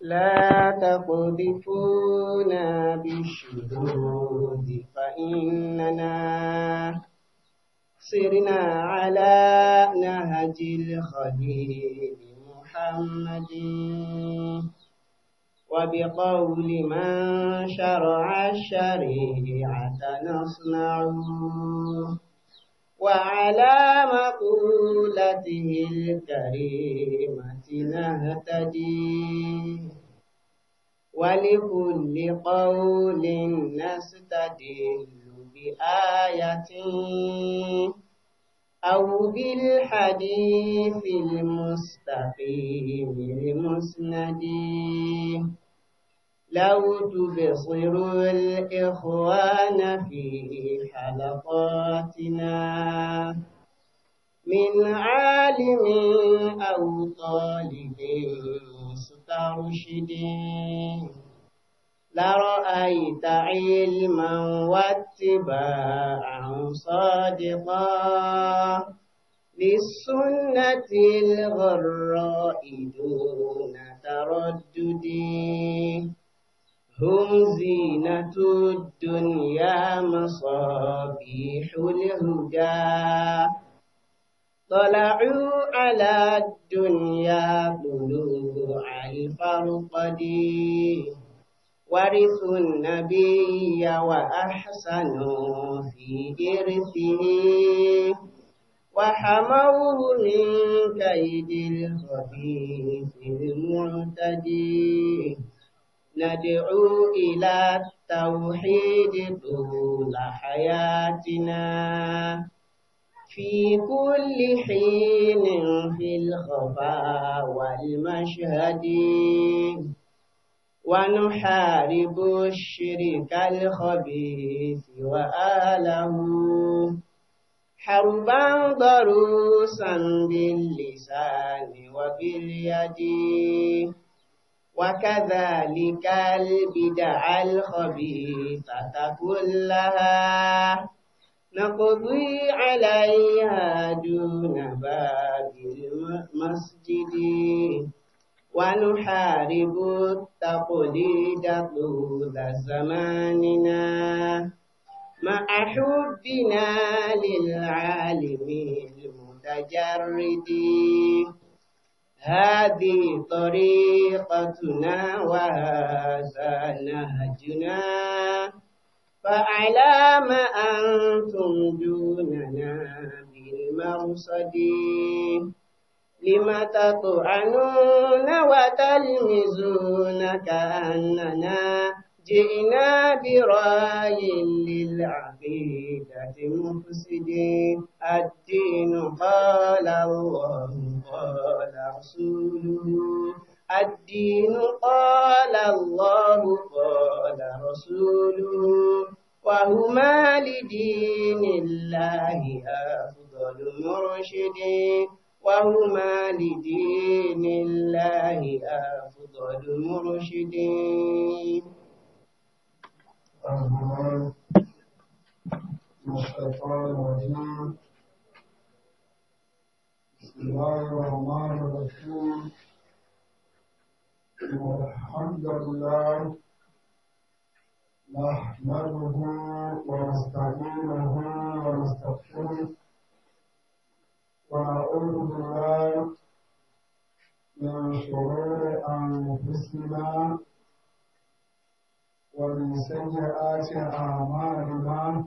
لا تقذفونا بالشذوذ فإننا سرنا على نهج الخليل محمد وبقول من شرع الشريعة نصنعه وعلى مقولته الكريمة نهتدي ولكل قول نستدل بآية أو بالحديث المستقيم المسند لو تبصروا الإخوان في حلقاتنا من عالم أو طالب مسترشد لرأيت علما واتباعا صادقا للسنة الغراء دون تردد هم زينة الدنيا مصابيح الهدى طلعوا على الدنيا طلوع الفرقد ورثوا النبي وأحسنوا في إرثه وحموه من كيد الخبيث المعتدي ندعو إلى التوحيد طول حياتنا في كل حين في الخفاء والمشهد ونحارب الشرك الخبيث وآله حربا ضروسا باللسان وباليد وكذلك البدع الخبيثة كلها نقضي عليها دون باب المسجد ونحارب التقليد طول زماننا مع حبنا للعالم المتجرد هذه طريقتنا وهذا نهجنا فعلى ما أنتم دوننا بالمرصد لم تطعنون وتلمزون كأننا جئنا برأي للعالم في ذات مفسد الدين قال الله قال رسوله الدين قال الله قال رسوله وهما لدين الله أفضل مرشد وهما لدين الله أفضل مرشد من الشيطان الرجيم بسم الله الرحمن الرحيم الحمد لله نحمده ونستعينه ونستغفره ونعوذ بالله من شرور أنفسنا ومن سيئات أعمالنا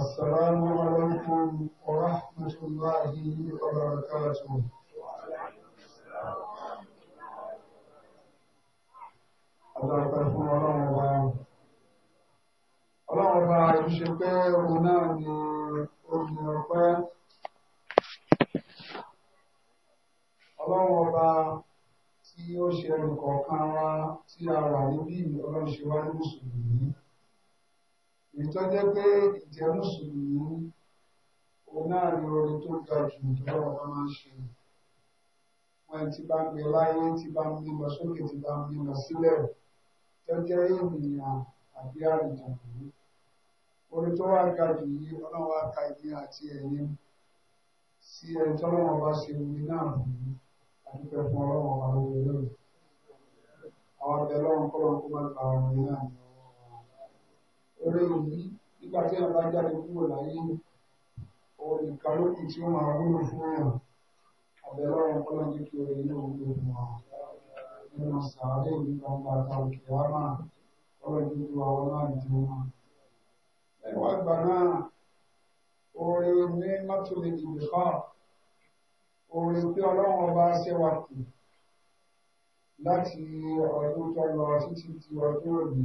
السلام عليكم ورحمة الله وبركاته Adáwọ̀kẹ́fún ọlọ́run ọba. Ọlọ́run ọba ìṣe pé òun náà ni obìnrin ọpẹ́. Ọlọ́run ọba tí ó ṣe ẹnì kọ̀ọ̀kan wa tí a wà níbí ọlọ́run ní Mùsùlùmí. ìtọ́jẹ́ pé njem mùsùlùmí òun náà ni orin tó ga jù lọ́wọ́ ọba máa ń ṣe wọn ti bá ń gbé láyé ti bá ń gbé lọ sókè ti bá ń gbé lọ sílẹ̀ tọ́jẹ́ ènìyàn àbí àrùntàkùn orin tó wá ga jù yìí ọlọ́wọ́ aka ìdí àti ẹ̀yìn sí ẹni tọ́lọ́wọ́ bá ṣe orin náà àdúpẹ́ fún ọlọ́wọ́ eré òbí nígbà tí ẹ̀rọ bá jáde kúrò láyé òun nìkan ló kù tí ó máa wúlò fún ẹ̀rọ àbẹ̀lọ́ ọ̀rọ̀ kọ́lá ní kí orin náà wúlò fún wa nínú sàárè ní gbangba àtàwọn kìláàmà ọ̀rọ̀ dúdú àwọn náà ní tiwọn. ẹ̀wọ̀n àgbà náà orin ní mọ́tòlì ìdìbò kan orin pé ọlọ́run ọba ṣe wà láti ọdún tó lọ títí di ọdún òní.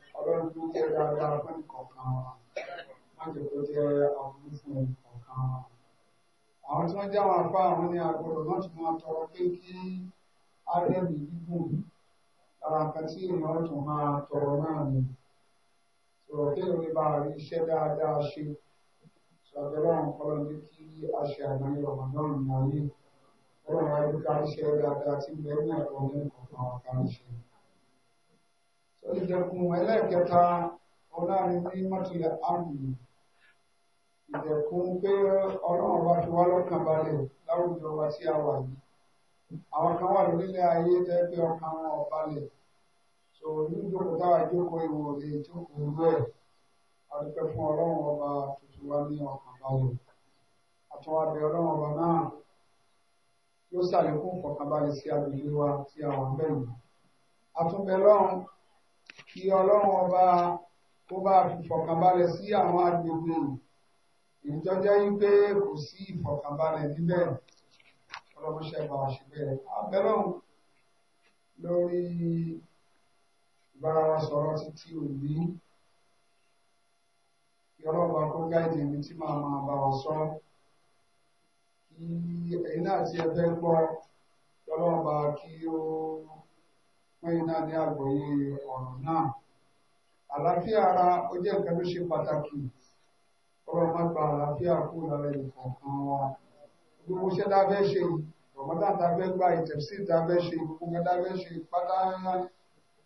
ọlọ́run tó jẹ́ dáadáa fún ìkọ̀ọ̀kan wa má jẹ́ kó jẹ́ ọkùnrin fún ìkọ̀ọ̀kan wa. àwọn tí wọ́n jẹ́ àwọn apá àwọn ní agbọ́dọ̀ náà ti máa tọrọ pé kí ádẹ́bì gígùn lára nǹkan tí èèyàn tó máa tọrọ náà ni sọ̀rọ̀ kí ló lè bá rí iṣẹ́ dáadáa ṣe sọ̀rọ̀ lọ́run kọ́lọ́ ní kí a ṣe àgbáyé ọ̀gbọ̀n náà ní ayé ọlọ́run ayé ká iṣẹ́ dáadáa tí bẹ́ẹ̀ ní àgbọ̀n ní ọ̀gbọ̀n ọ̀gá ṣe ìdẹ̀kùn ẹlẹ́ẹ̀kẹta ọlọ́run ní mọ́tìlẹ̀ àrùn ìdẹ̀kùn pé ọlọ́run bá fi wá lọ́kàn balẹ̀ láwùjọ wa sí àwa yìí àwọn kan wà lórílẹ̀ ayé tẹ́ so níjókòó táwa jókòó ìwò lè jókòó irú ẹ̀ adúpẹ́ fún ọlọ́run ọba tuntun wa ní ọkàn balẹ̀ àtúwádẹ ọlọ́run ọba náà yóò ṣàlékún fọkànbalẹ̀ sí agbègbè wa tí àwọn bẹ́ẹ̀ ni àtúnbẹ̀ lọ́run kí ọlọ́run ọba kó bá fọkànbalẹ̀ sí àwọn agbègbè ìjọjẹ́ yí pé kò sí ìfọkànbalẹ̀ níbẹ̀ ọlọ́mọṣẹ́ bá wa ṣe bẹ́ẹ̀ abẹ́lọ́run lórí ìbára wa sọ̀rọ̀ títí òní kí ọlọ́run bá kó gáìdì mi tí màá máa bá wa sọ kí ẹ̀yin náà ti ẹ gbọ́ ọlọ́run bá kí ó lẹ́yìn náà ní àgbọ́yé ọ̀rọ̀ náà. Àlàáfíà ara ó jẹ́ nǹkan tó ṣe pàtàkì. Ọ̀rọ̀ máa gba àlàáfíà kú lára ìkọ̀ọ̀kan wa. Gbogbo iṣẹ́ tá a fẹ́ ṣe, Ramadan tá a fẹ́ gba ìtẹ̀sí tá a fẹ́ ṣe, gbogbo tá a fẹ́ ṣe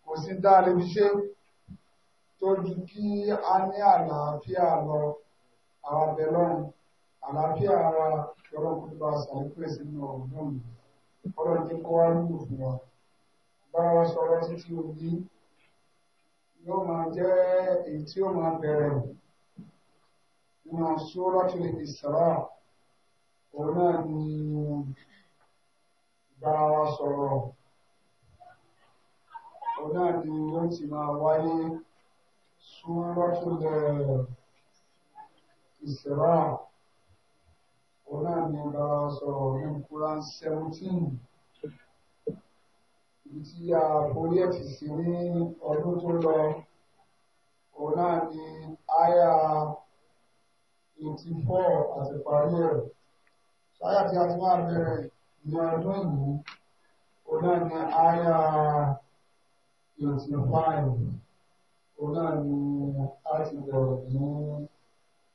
kò sí dá a ṣe tó kí a ní àlàáfíà lọ àwọn abẹ́lọ́run àlàáfíà ara yọrọ kó bá a sàlékún ẹ̀sìn náà ọ̀gbọ́n Ọlọ́run ti kọ́ wá lúlò fún wa báwọn sọ̀rọ̀ títí òbí yóò máa jẹ́ èyí tí ó máa bẹ̀rẹ̀ nínú Suratul Isra òun náà ni báwa sọ̀rọ̀ òun náà ni ó ti máa wáyé Suratul Isra òun náà ni báwa sọ̀rọ̀ ní Kúrán 17 tí a forí ẹ̀sì sí ní ọdún tó lọ òun náà ni àyà eighty àti parí ẹ̀ ṣáyà tí a ti máa bẹ̀rẹ̀ ní ọdún yìí òun náà ni àyà eighty five òun náà ni a ti bẹ̀rẹ̀ ní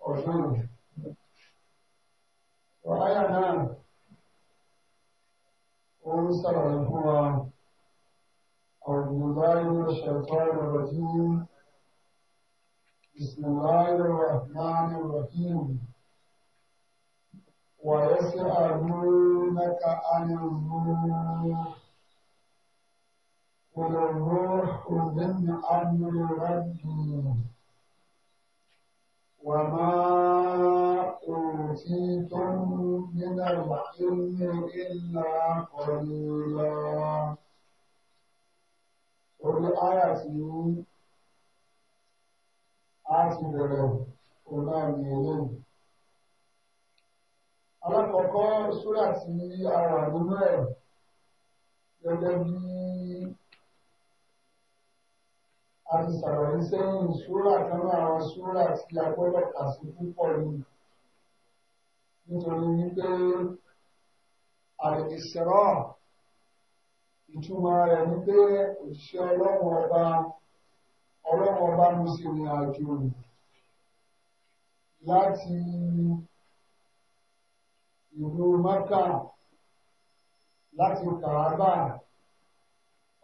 ọdún yìí. Àyà náà ó ń sọ̀rọ̀ fún wa. أعوذ بالله من الشيطان الرجيم بسم الله الرحمن الرحيم ويسألونك عن الروح قل الروح من أمر ربي وما أوتيتم من العلم إلا قليلا orí ara tí ó á ti bẹ̀rẹ̀ òun náà ní eléyìí. alákọ̀ọ́kọ́ sóra tí ara nínú ẹ̀ gẹ́gẹ́ bí a ti sàròyé sẹ́yìn sóra kan náà àwọn sóra tí a gbọ́dọ̀ kà sí púpọ̀ yìí nítorí wípé àlè ìṣẹ̀rọ̀ ìtumọ̀ rẹ̀ ni pé òṣìṣẹ́ ọlọ́run ọba ọlọ́run ọba mú sí ìrìn àjò rẹ̀ láti ìlú Mẹ́kà láti Kàábà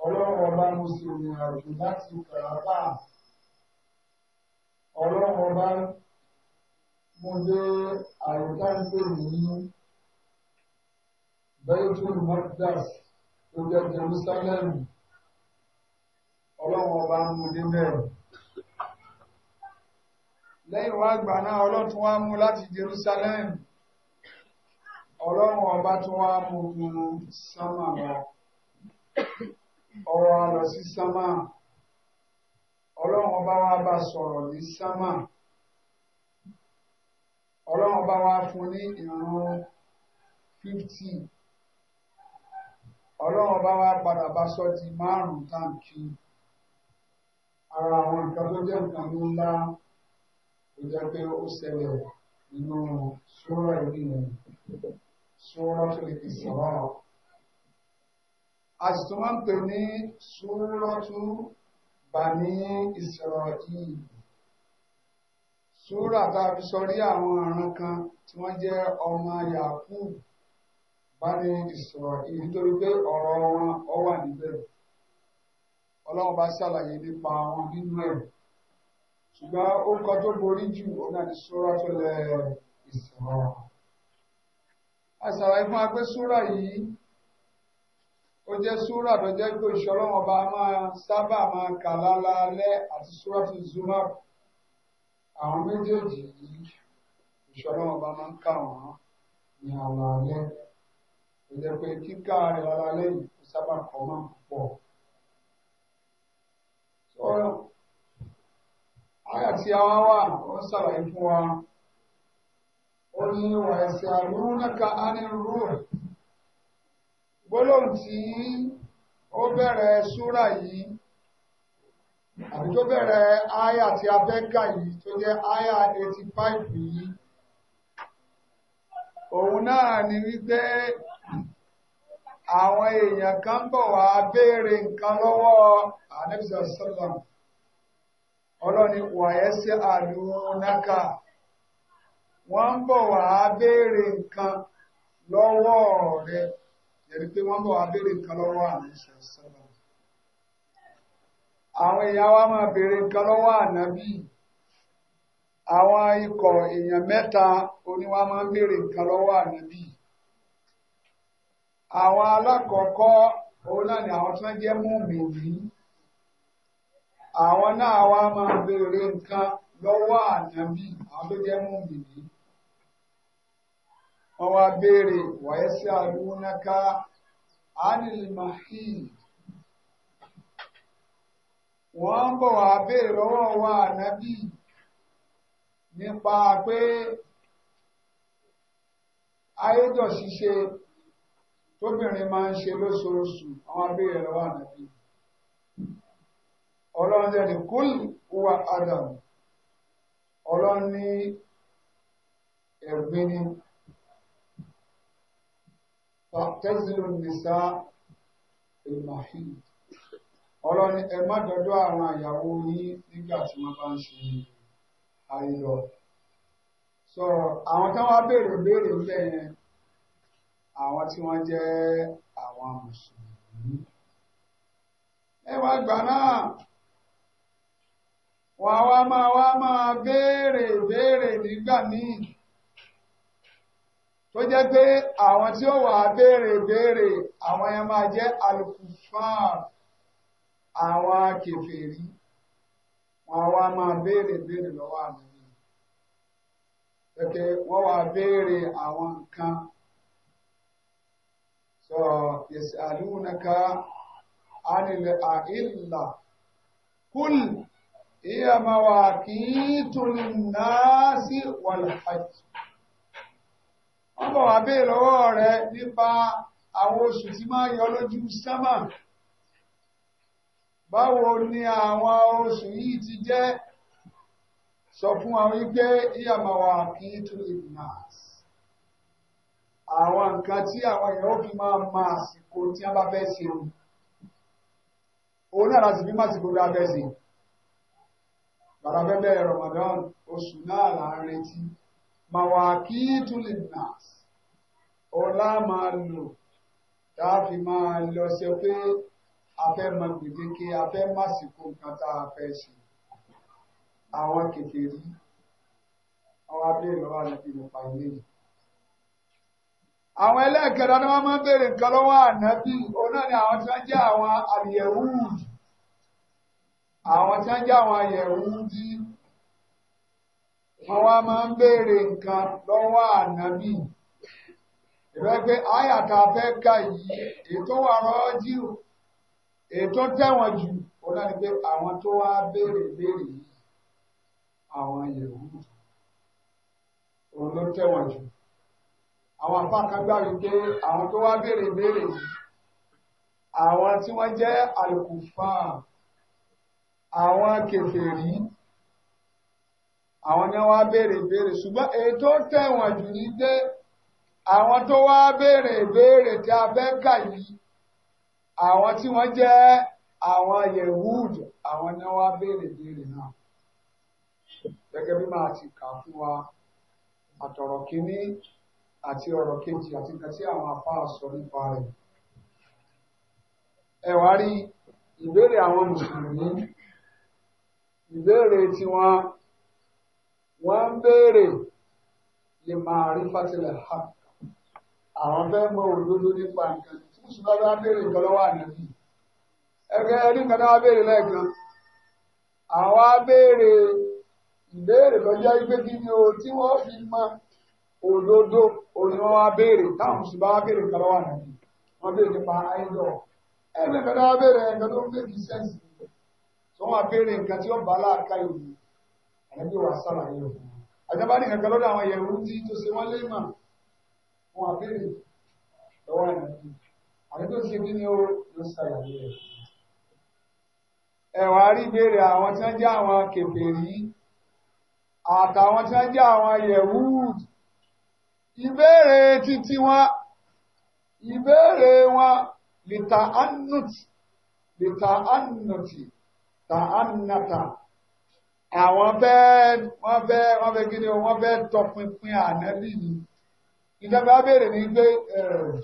ọlọ́run ọba mú sí ìrìn àjò láti Kàábà ọlọ́run ọba mo dé àyíká ń pè ní Baitul Maqdas tó Jerusalem ọlọ́run ọba ń mú débẹ̀ lẹ́yìn wá gbà náà ọlọ́tún wá mú láti Jerusalem ọlọ́run ọba tún wá mú nínú sánmà lọ ọ̀rọ̀ àlọ́ sí sánmà ọlọ́run ọba wa bá sọ̀rọ̀ ní sánmà ọlọ́run ọba wa fún ní ìrun fifty ọlọ́run bá wá padà bá sọ ti márùn-ún táǹkì ara àwọn nǹkan tó jẹ́ nǹkan ló ńlá tó jẹ́ pé ó ṣẹlẹ̀ nínú sóra ìlú yẹn sóra tó lè fi sọ̀rọ̀ a sì tún máa ń pè ní sóra tó bà ní ìsọ̀rọ̀ yìí sóra tá a fi sọ rí àwọn ọ̀ràn kan tí wọ́n jẹ́ ọmọ yàkúù bani Israeli nítorí pé ọ̀rọ̀ wọn ọ wà níbẹ̀ ọlọ́run bá ṣàlàyé nípa wọn nínú ẹ̀ ṣùgbọ́n orúkọ tó borí jù òun náà ni sọ́ra tó lẹ Israeli àṣàlàyé fún agbé sóra yìí ó jẹ́ sóra tó jẹ́ pé ìṣọ́rọ̀ ọba máa sábà máa kà lálálẹ́ àti sóra tó Zumar àwọn méjèèjì yìí ìṣọ́rọ̀ ọba máa ń kà wọ́n ní àlàálẹ́ kò jẹ́ pé kíkà rẹ̀ rárá lẹ́yìn kò sábà kọ́ máa ń pọ̀. sọ̀rọ̀ àyà tí wà ó ń fún wa ó ní ìwà ẹ̀sìn àrùn náà á ní rú rẹ̀ gbólóhùn tí ó bẹ̀rẹ̀ súrà yìí àbí tó bẹ̀rẹ̀ áyà tí a fẹ́ kà yìí tó jẹ́ áyà 85 yìí òun náà ni wípé àwọn èèyàn kan bọ̀ wá béèrè nǹkan lọ́wọ́ àníbìsọ̀ sọ́lọ́m ọlọ́ni wàyẹ́sẹ̀ wọ́n bọ̀ wá béèrè nǹkan lọ́wọ́ rẹ̀ yẹ̀rí pé wọ́n bọ̀ wá béèrè nǹkan lọ́wọ́ àníbìsọ̀ àwọn èèyàn wa máa béèrè nǹkan àwọn alákọ̀ọ́kọ́ òun náà ni àwọn tí wọ́n jẹ́ mùmìnì àwọn náà wá máa béèrè nǹkan lọ́wọ́ ànábì àwọn tó jẹ́ mùmìnì wọ́n wá béèrè wàyẹ́sí wọ́n ń bọ̀ wá béèrè lọ́wọ́ ànábì nípa pé ayédọ̀ tóbìnrin máa ń ṣe lóṣooṣù àwọn abéèrè lọ́wọ́ ànábì ọlọ́run jẹ́ ní kúl wà adam ọlọ́run ní ẹ̀gbin ni tẹ́sílù nìsa ìmàhìn ọlọ́run ní ẹ má dọ́dọ̀ àwọn àyàwó yín nígbà tí wọ́n bá ń ṣe àìlọ́ sọ̀rọ̀ àwọn táwọn abéèrè béèrè ń bẹ̀ yẹn. àwọn tí wọ́n jẹ́ àwọn mùsùlùmí. ẹ wá gbà náà wà wá máa wá máa béèrè béèrè nígbà míì tó jẹ́ pé àwọn tí ó wà á béèrè béèrè àwọn yẹn máa jẹ́ alukufar àwọn kèfèrí wọ́n wá máa béèrè béèrè lọ́wọ́ àná yìí. wọ́n béèrè so yasalunaka anil ahilla kul hiya mawaqitu linnasi wal hajj wọ́n bọ̀ wá bèèrè lọ́wọ́ rẹ nípa àwọn oṣù tí máa yọ lójú sámà báwo ni àwọn oṣù yìí ti jẹ́ sọ fún àwọn wípé ìyàmọ̀wà kìí tún ìgbìmọ̀ àwọn nǹkan tí àwọn èèyàn fi máa ma àsìkò tí wọ́n bá fẹ́ ṣe o òun náà láti fi má àsìkò bí fẹ́ ṣe bàbá fẹ́ Ramadan oṣù náà là ń retí màwá kí túlì nàás ọlá máa lò tá a fi máa lọ ṣe pé a fẹ́ mọ gbèdéke a fẹ́ má àsìkò nǹkan tá a fẹ́ ṣe àwọn kékeré àwọn abẹ́rẹ́ lọ́wọ́ àti ìlú pa ilé àwọn ẹlẹ́ẹ̀kẹ́ta ni wọ́n máa ń béèrè nǹkan lọ́wọ́ ànábì òun náà ni àwọn tí wọ́n jẹ́ àwọn àlìyẹ̀wúùdì àwọn tí wọ́n àwọn wọ́n wá máa ń béèrè nǹkan lọ́wọ́ ànábì ìrẹ́ pé àyàtà fẹ́ ká yìí ètò wà àwọn tó wá béèrè béèrè yìí àwọn òun ló àwọn apá kan gbà wípé àwọn tó wá béèrè béèrè àwọn tí wọ́n jẹ́ àlùkùfà àwọn kèfèrí àwọn ni wọ́n béèrè béèrè ṣùgbọ́n èyí tó tẹ̀wọ̀n jù ní dé àwọn tó wá béèrè béèrè tí a fẹ́ kà yìí àwọn tí wọ́n jẹ́ àwọn yehud àwọn ni wọ́n béèrè béèrè náà gẹ́gẹ́ bí màá ti kà fún wa àtọ̀rọ̀ kínní àti ọ̀rọ̀ kejì àti nǹkan tí àwọn afáà sọ nípa rẹ̀. Ẹ wá rí ìbéèrè àwọn mùsùlùmí ìbéèrè tiwọn wọ́n ń béèrè lè máa rí fásilẹ̀ ha àwọn fẹ́ mọ òdodo nípa nǹkan tí mùsùlùmí bá béèrè nǹkan lọ́wọ́ ànábì ẹgbẹ́ ẹni nǹkan náà béèrè lẹ́ẹ̀kan àwọn á ìbéèrè lọ́jọ́ ìgbé kí ni o tí wọ́n fi mọ òdodo òní wọn wá béèrè táwọn sì bá wá béèrè nǹkan lọ́wọ́ àná wọn béèrè nípa idol ẹnì kan náà béèrè nǹkan tó ń fẹ́ kí sẹ́ǹsì tó wọn béèrè nǹkan tí ó bá láàká ìlú ẹ̀ẹ́dì wà sàlàyé o àjọba ní nǹkan lọ́dọ̀ àwọn yẹ̀wù tí tó ṣe wọ́n lé mà wọn béèrè lọ́wọ́ àná àti tó ṣe kí ni ó ló ṣàlàyé rẹ̀ ẹ̀wà rí béèrè àwọn tí wọ́n jẹ́ àwọn kèfèrí àtàwọn tí wọ́n jẹ́ àwọn yẹ̀wù ìbéèrè títí wọn ìbéèrè wọn lìtà ánùtì lìtà ánùtì tà ánàtà àwọn bẹ́ẹ̀ wọ́n bẹ́ẹ̀ wọ́n bẹ́ẹ̀ gíní wọ́n bẹ́ẹ̀ tọpinpin ànábì ni ìjọba béèrè ní pé eh,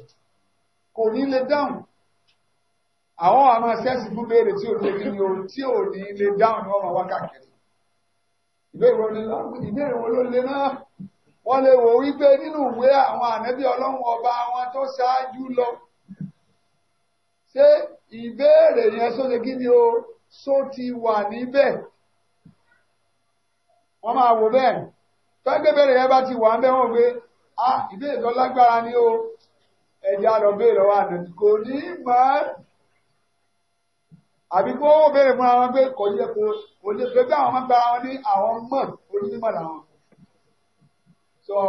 kò ní lè dáhùn àwọn àmọ́ sẹ́ẹ̀sì fún béèrè tí ò ní gíní o tí ò ní lè dáhùn ní wọ́n máa wá káàkiri ìbéèrè wọn ló lé náà wọ́n lè wò wípé nínú ìwé àwọn ànábì ọlọ́run ọba wọn tó ṣáájú lọ ṣé ìbéèrè yẹn sóde kí ni o só ti wà níbẹ̀ wọ́n máa wò bẹ́ẹ̀ tọ́gbẹ́bẹ̀rẹ̀ yẹn bá ti wà ń bẹ́ wọ́n gbé a ìbéèrè tó lágbára ni o ẹ̀jẹ̀ àlọ́ béèrè lọ́wọ́ ànábì kò ní mọ́ àbí kó béèrè fún àwọn pé kò yẹ kó o lè pé bí àwọn máa gba àwọn ní àwọn mọ̀ onímọ̀ làwọn sọ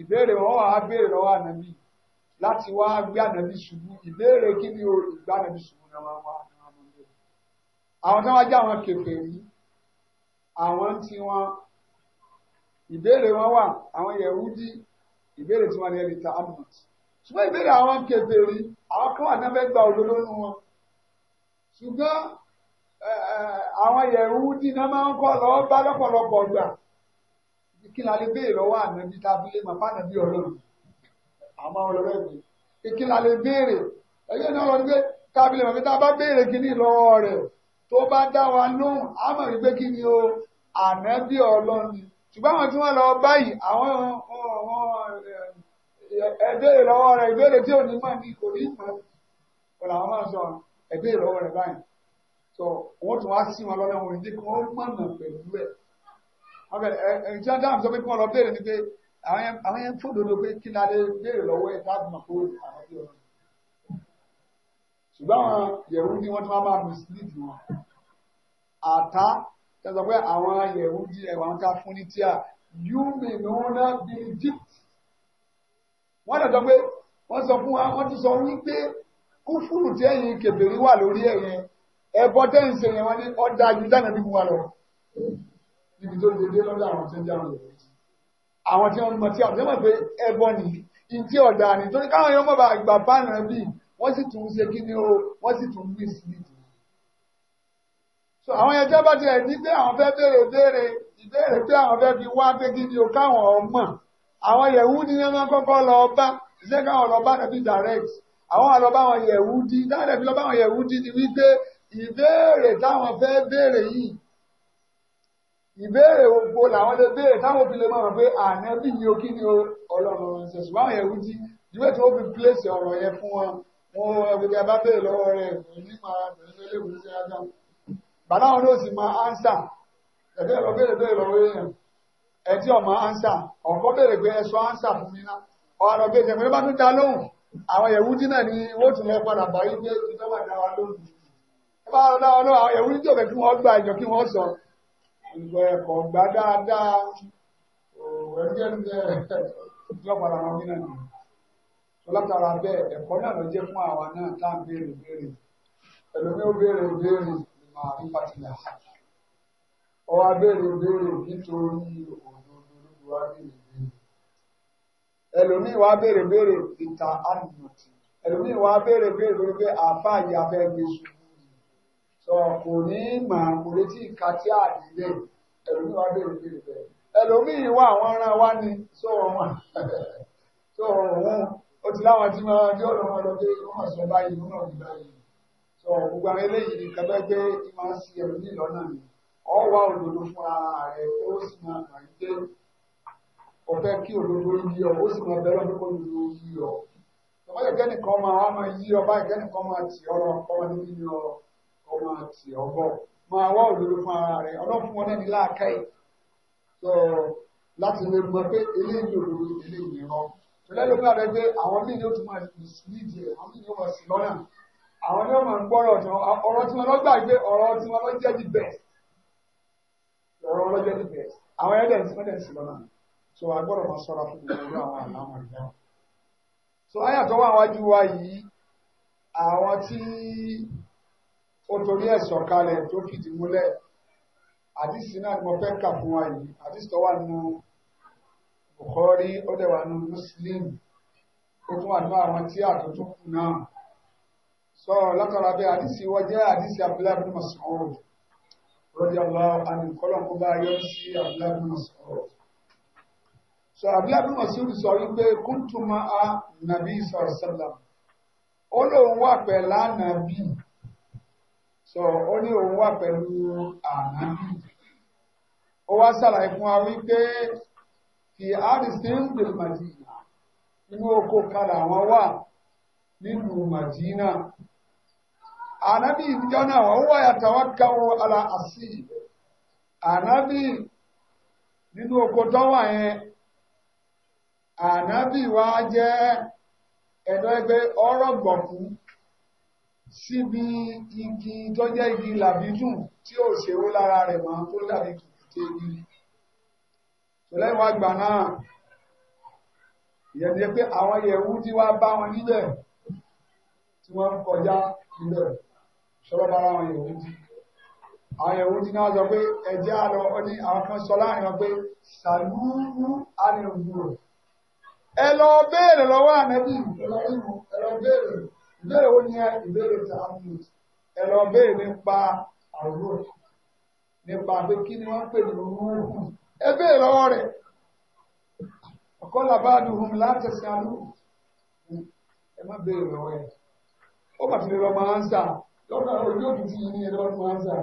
ìbéèrè wọn wà á béèrè lọ́wọ́ ànábì láti wá gbé ànábì ṣubú ìbéèrè kí ni ìgbà ànábì ṣubú náà máa wá àwọn tó wá jẹ́ àwọn kèfèrí àwọn tí wọ́n ìbéèrè wọn wà àwọn yẹ̀wúdí ìbéèrè tí wọ́n ní ẹni ta amut ṣùgbọ́n ìbéèrè àwọn kèfèrí àwọn kan wà náà fẹ́ gba òdodo nínú wọn ṣùgbọ́n àwọn yẹ̀wúdí náà máa ń kọ́ lọ́ọ́ bá lọ́pọ̀lọpọ̀ gbà kí la lè béèrè lọ́wọ́ ànábi tá a fi lè mọ̀ fánàbí ọlọ́run àmọ́ ọlọ́rọ̀ ẹ̀gbẹ́ kí la lè béèrè ẹgbẹ́ náà lọ́dún pé tá a fi lè mọ̀ pé tá a bá béèrè kíní lọ́wọ́ rẹ̀ tó bá dá wa lóhùn á mọ̀ rí pé kí ni o ànábi ọlọ́run ṣùgbọ́n àwọn tí wọ́n lọ báyìí àwọn ẹ̀bẹ̀rẹ̀ lọ́wọ́ rẹ̀ ìbéèrè tí ò ní mọ̀ ní kò ní mọ̀ ọ̀là àwọn máa sọ ẹ̀bẹ̀rẹ̀ lọ́wọ́ rẹ̀ báyìí tó wọ́n tún wá sí wọn lọ́nà òun ìdí kan ó mọ̀nà pẹ̀lú ẹ̀ ẹ̀yìn tí wọ́n dáhùn sọ pé kí wọ́n lọ béèrè ni pé àwọn yẹn fòdodo pé kí la lè béèrè lọ́wọ́ ẹ̀ láti mọ̀ pé àwọn bí ọ̀rọ̀. ṣùgbọ́n àwọn yẹ̀wù ni wọ́n ti máa máa mislead wọn. àtá ṣe sọ pé àwọn yẹ̀wù di ẹ̀wà ń ká fún ní tíà yú mi ní wọn náà bí egypt. wọ́n dàgbọ́ pé wọ́n sọ fún wa wọ́n ti sọ wípé kúfùrù tí ẹ̀yin kèbèrè wà lórí ẹ̀yẹn ẹ̀bọ tẹ́yìn ṣe yẹn wọ́n ní ọ̀dà níbi tó lè dé lọ́dọ̀ àwọn tó ń jáwé rẹ̀. Àwọn tí wọ́n mọ̀ tí àwọn mọ̀ pé ẹbọ ni ìdí ọ̀dà ni torí káwọn yóò mọ̀ bá gbà fáànà bí wọ́n sì tún ṣe kí ni o wọ́n sì tún bí sí i. So àwọn ẹjọ́ bá tiẹ̀ ní pé àwọn fẹ́ béèrè béèrè ìbéèrè pé àwọn fẹ́ fi wá pé kí ni o káwọn ọmọ àwọn yẹ̀wù ni wọ́n máa kọ́kọ́ lọ bá ṣé káwọn lọ bá nàbí direct àwọn àlọ́bá àwọn yẹ̀wù di dáadáa fi lọ bá àwọn yẹ̀wù di ni wípé ìbéèrè táwọn fẹ́ béèrè yìí ìbéèrè gbogbo làwọn lè béèrè táwọn òbí lè máa wà pé ànábì ni o kí ni ọlọ́run ṣe ṣùgbọ́n àwọn ẹ̀rú ti ìdíwẹ̀ tí wọ́n fi pílẹ̀sì ọ̀rọ̀ yẹn fún wọn wọn ẹgbẹ́ bá béèrè lọ́wọ́ rẹ̀ nípa ìrìnlẹ́lẹ́wọ̀n sí ajá bàbá wọn ló sì máa ánsà ẹ̀bí ẹ̀rọ béèrè béèrè lọ́wọ́ èèyàn ẹtí ọmọ ánsà ọ̀kọ́ béèrè pé ẹ̀sọ ánsà fún mi ná ọ̀rọ̀ béèrè pé bá tún dá lóhùn àwọn ẹ̀wú dínà ni wọ́n tún lẹ padà bá yí pé ìjọba dá wa lóhùn ẹ bá dá wa lóhùn àwọn ẹ̀wú dínà kí wọ́n gbà ìjọ kí wọ́n sọ ìgbà ẹ̀kọ́ dáadáa ẹ̀jẹ̀ ń jẹ́ ìjọba àwọn ọmọdé náà tó látara bẹ́ẹ̀ ẹ̀kọ́ náà jẹ́ fún àwa náà tá à ń béèrè béèrè ẹlòmí ó béèrè béèrè ìmọ̀ àríkàtìlẹ̀ ọwọ́ abéèrè béèrè nítorí òdodo béèrè béèrè ẹlòmí béèrè béèrè ẹlòmí béèrè béèrè lórí pé àáfàá yìí sọ kò ní mà kò lè tí ìka tí àdílé ẹlòmíì wá bèrè bèrè bẹ́ẹ̀ ẹlòmíì wá àwọn ará wá ní sọ wọn wà sọ wọn ti láwọn tí wọn lọ pé wọn mà sọ báyìí wọn náà sọ gbogbo àwọn eléyìí nìkan wọ́n sí ẹlòmíì lọ́nà mi wá òdodo fún ara ó sì máa gbà ọ ó sì máa bẹ̀rẹ̀ ọ. máa wá máa yí ọ. ọmọ àti ọgbọ máa wá òdodo fún ara rẹ ọlọ́fun wọn lẹ́ni láàkáyè tó láti lè mọ pé eléyìí òdodo eléyìí rọ tòlẹ́lò bá rẹ pé àwọn míì yóò tún máa nídìí ẹ̀ àwọn míì yóò máa sì lọ́nà àwọn yóò máa ń gbọ́rọ̀ ọ̀tún ọ̀rọ̀ tí wọn lọ gbàgbé ọ̀rọ̀ tí wọn lọ jẹ́ di bẹ́ẹ̀ ọ̀rọ̀ wọn lọ jẹ́ di bẹ́ẹ̀ àwọn ẹ̀dẹ̀ ń fẹ́lẹ̀ sí lọ́nà so agbọ́dọ̀ máa sọ́ra fún gbogbo àwọn àlámọ̀ ìgbà so ayàtọ̀ wà wájú wa yìí ó torí ẹ̀ sọ̀kalẹ̀ tó fìdí múlẹ̀ àdìsí náà ni mo fẹ́ kà fún wa yìí àdìsí tó wà nínú Bukhari ó dẹ̀ wà nínú Muslim ó tún wà nínú àwọn tí àtúntò kù náà sọ látara bí àdìsí wọ́n jẹ́ àdìsí Abdullahi bin Mas'ud radiyallahu anhu kọ́lọ̀ kó bá yọ sí Abdullahi bin Mas'ud sọ Abdullahi bin Mas'ud sọ wípé kúntùmọ́ a nàbí sallallahu alaihi ó lóun wà pẹ̀ lánàá so ó ní òun wà pẹ̀lú àná ó wá ṣàlàyé fún wa wípé kì áàdìsín bèlú màdìnà nínú oko kan àwọn wà nílùú màdìnà ànábì ìjọ náà wọ́n wà káwọ́ ala àṣì ànábì nínú oko tó wà yẹn ànábì wa jẹ́ ẹ̀dọ́ ẹgbẹ́ ọ̀rọ̀ síbi igi tó jẹ́ igi làbídùn tí ò ṣerú lára rẹ̀ máa tó dàbí kìkìtì igi. Ṣọlẹ́wọ̀n àgbà náà, ìyẹn ni pé àwọn yẹ̀wù tí wá bá wọn níbẹ̀ tí wọ́n ń kọjá níbẹ̀ ṣọ́rọ́ bára àwọn yẹ̀wù tí. Àwọn yẹ̀wù tí náà sọ pé ẹ̀jẹ̀ àlọ́ ọdí àwọn kan sọ láàrin wọn pé sàlúrú ànìyàn gbúrò. Ẹ lọ béèrè lọ́wọ́ ànẹ́bí, ẹ lọ béèrè ìbéèrè wo ni ẹ ìbéèrè tí a mú ẹ lọ béèrè nípa àwòrán nípa pé kí ni wọ́n pè ní orúkú ẹ béèrè lọ́wọ́ rẹ̀ ọ̀kọ́ làbáàdù hùm látẹ̀sí alú ẹ má béèrè lọ́wọ́ ẹ̀ ó bàtí lè lọ máa ń sà lọ́dọ̀ ojú òbí tí yìí ní ẹ lọ́dún máa ń sà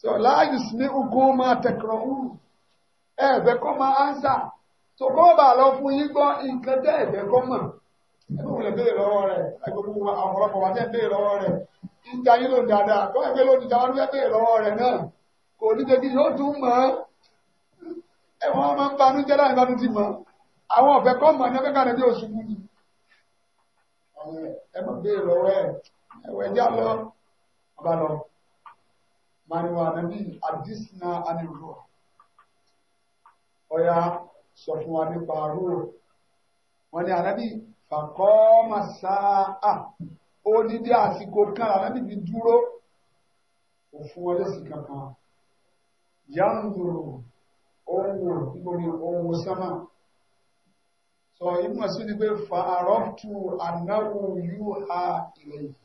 so láàyè sí ogun máa tẹ̀kọ̀rọ̀ wù ẹ ẹ̀fẹ́ kọ́ máa ń sà tó kọ́ bà lọ fún yín gbọ́ nǹkan tẹ́ ẹ̀fẹ́ kọ́ mọ̀. ẹgbẹ́ olè béèrè lọ́wọ́ rẹ̀ ẹgbẹ́ ọ̀pọ̀lọpọ̀ wà tẹ́ béèrè lọ́wọ́ rẹ̀ ń ta yín lónìí dáadáa kọ́ ẹgbẹ́ lónìí dáadáa béèrè lọ́wọ́ rẹ̀ náà kò ní tẹ́tí tún máa ń ti àwọn ọ̀fẹ́ kọ́ ní oṣù ni. béèrè lọ́wọ́ já sọ fún wa nípa fàkọ́ọ́mà sáà odidi àsìkò kan ànábì fi dúró kò fún wọn lẹ́sì kankan yàndùrù ohun nítorí ohun sámà sọ ìmọ̀ sí ni pé fa àrọ́tù ànáwó yóò ha ilẹ̀ yìí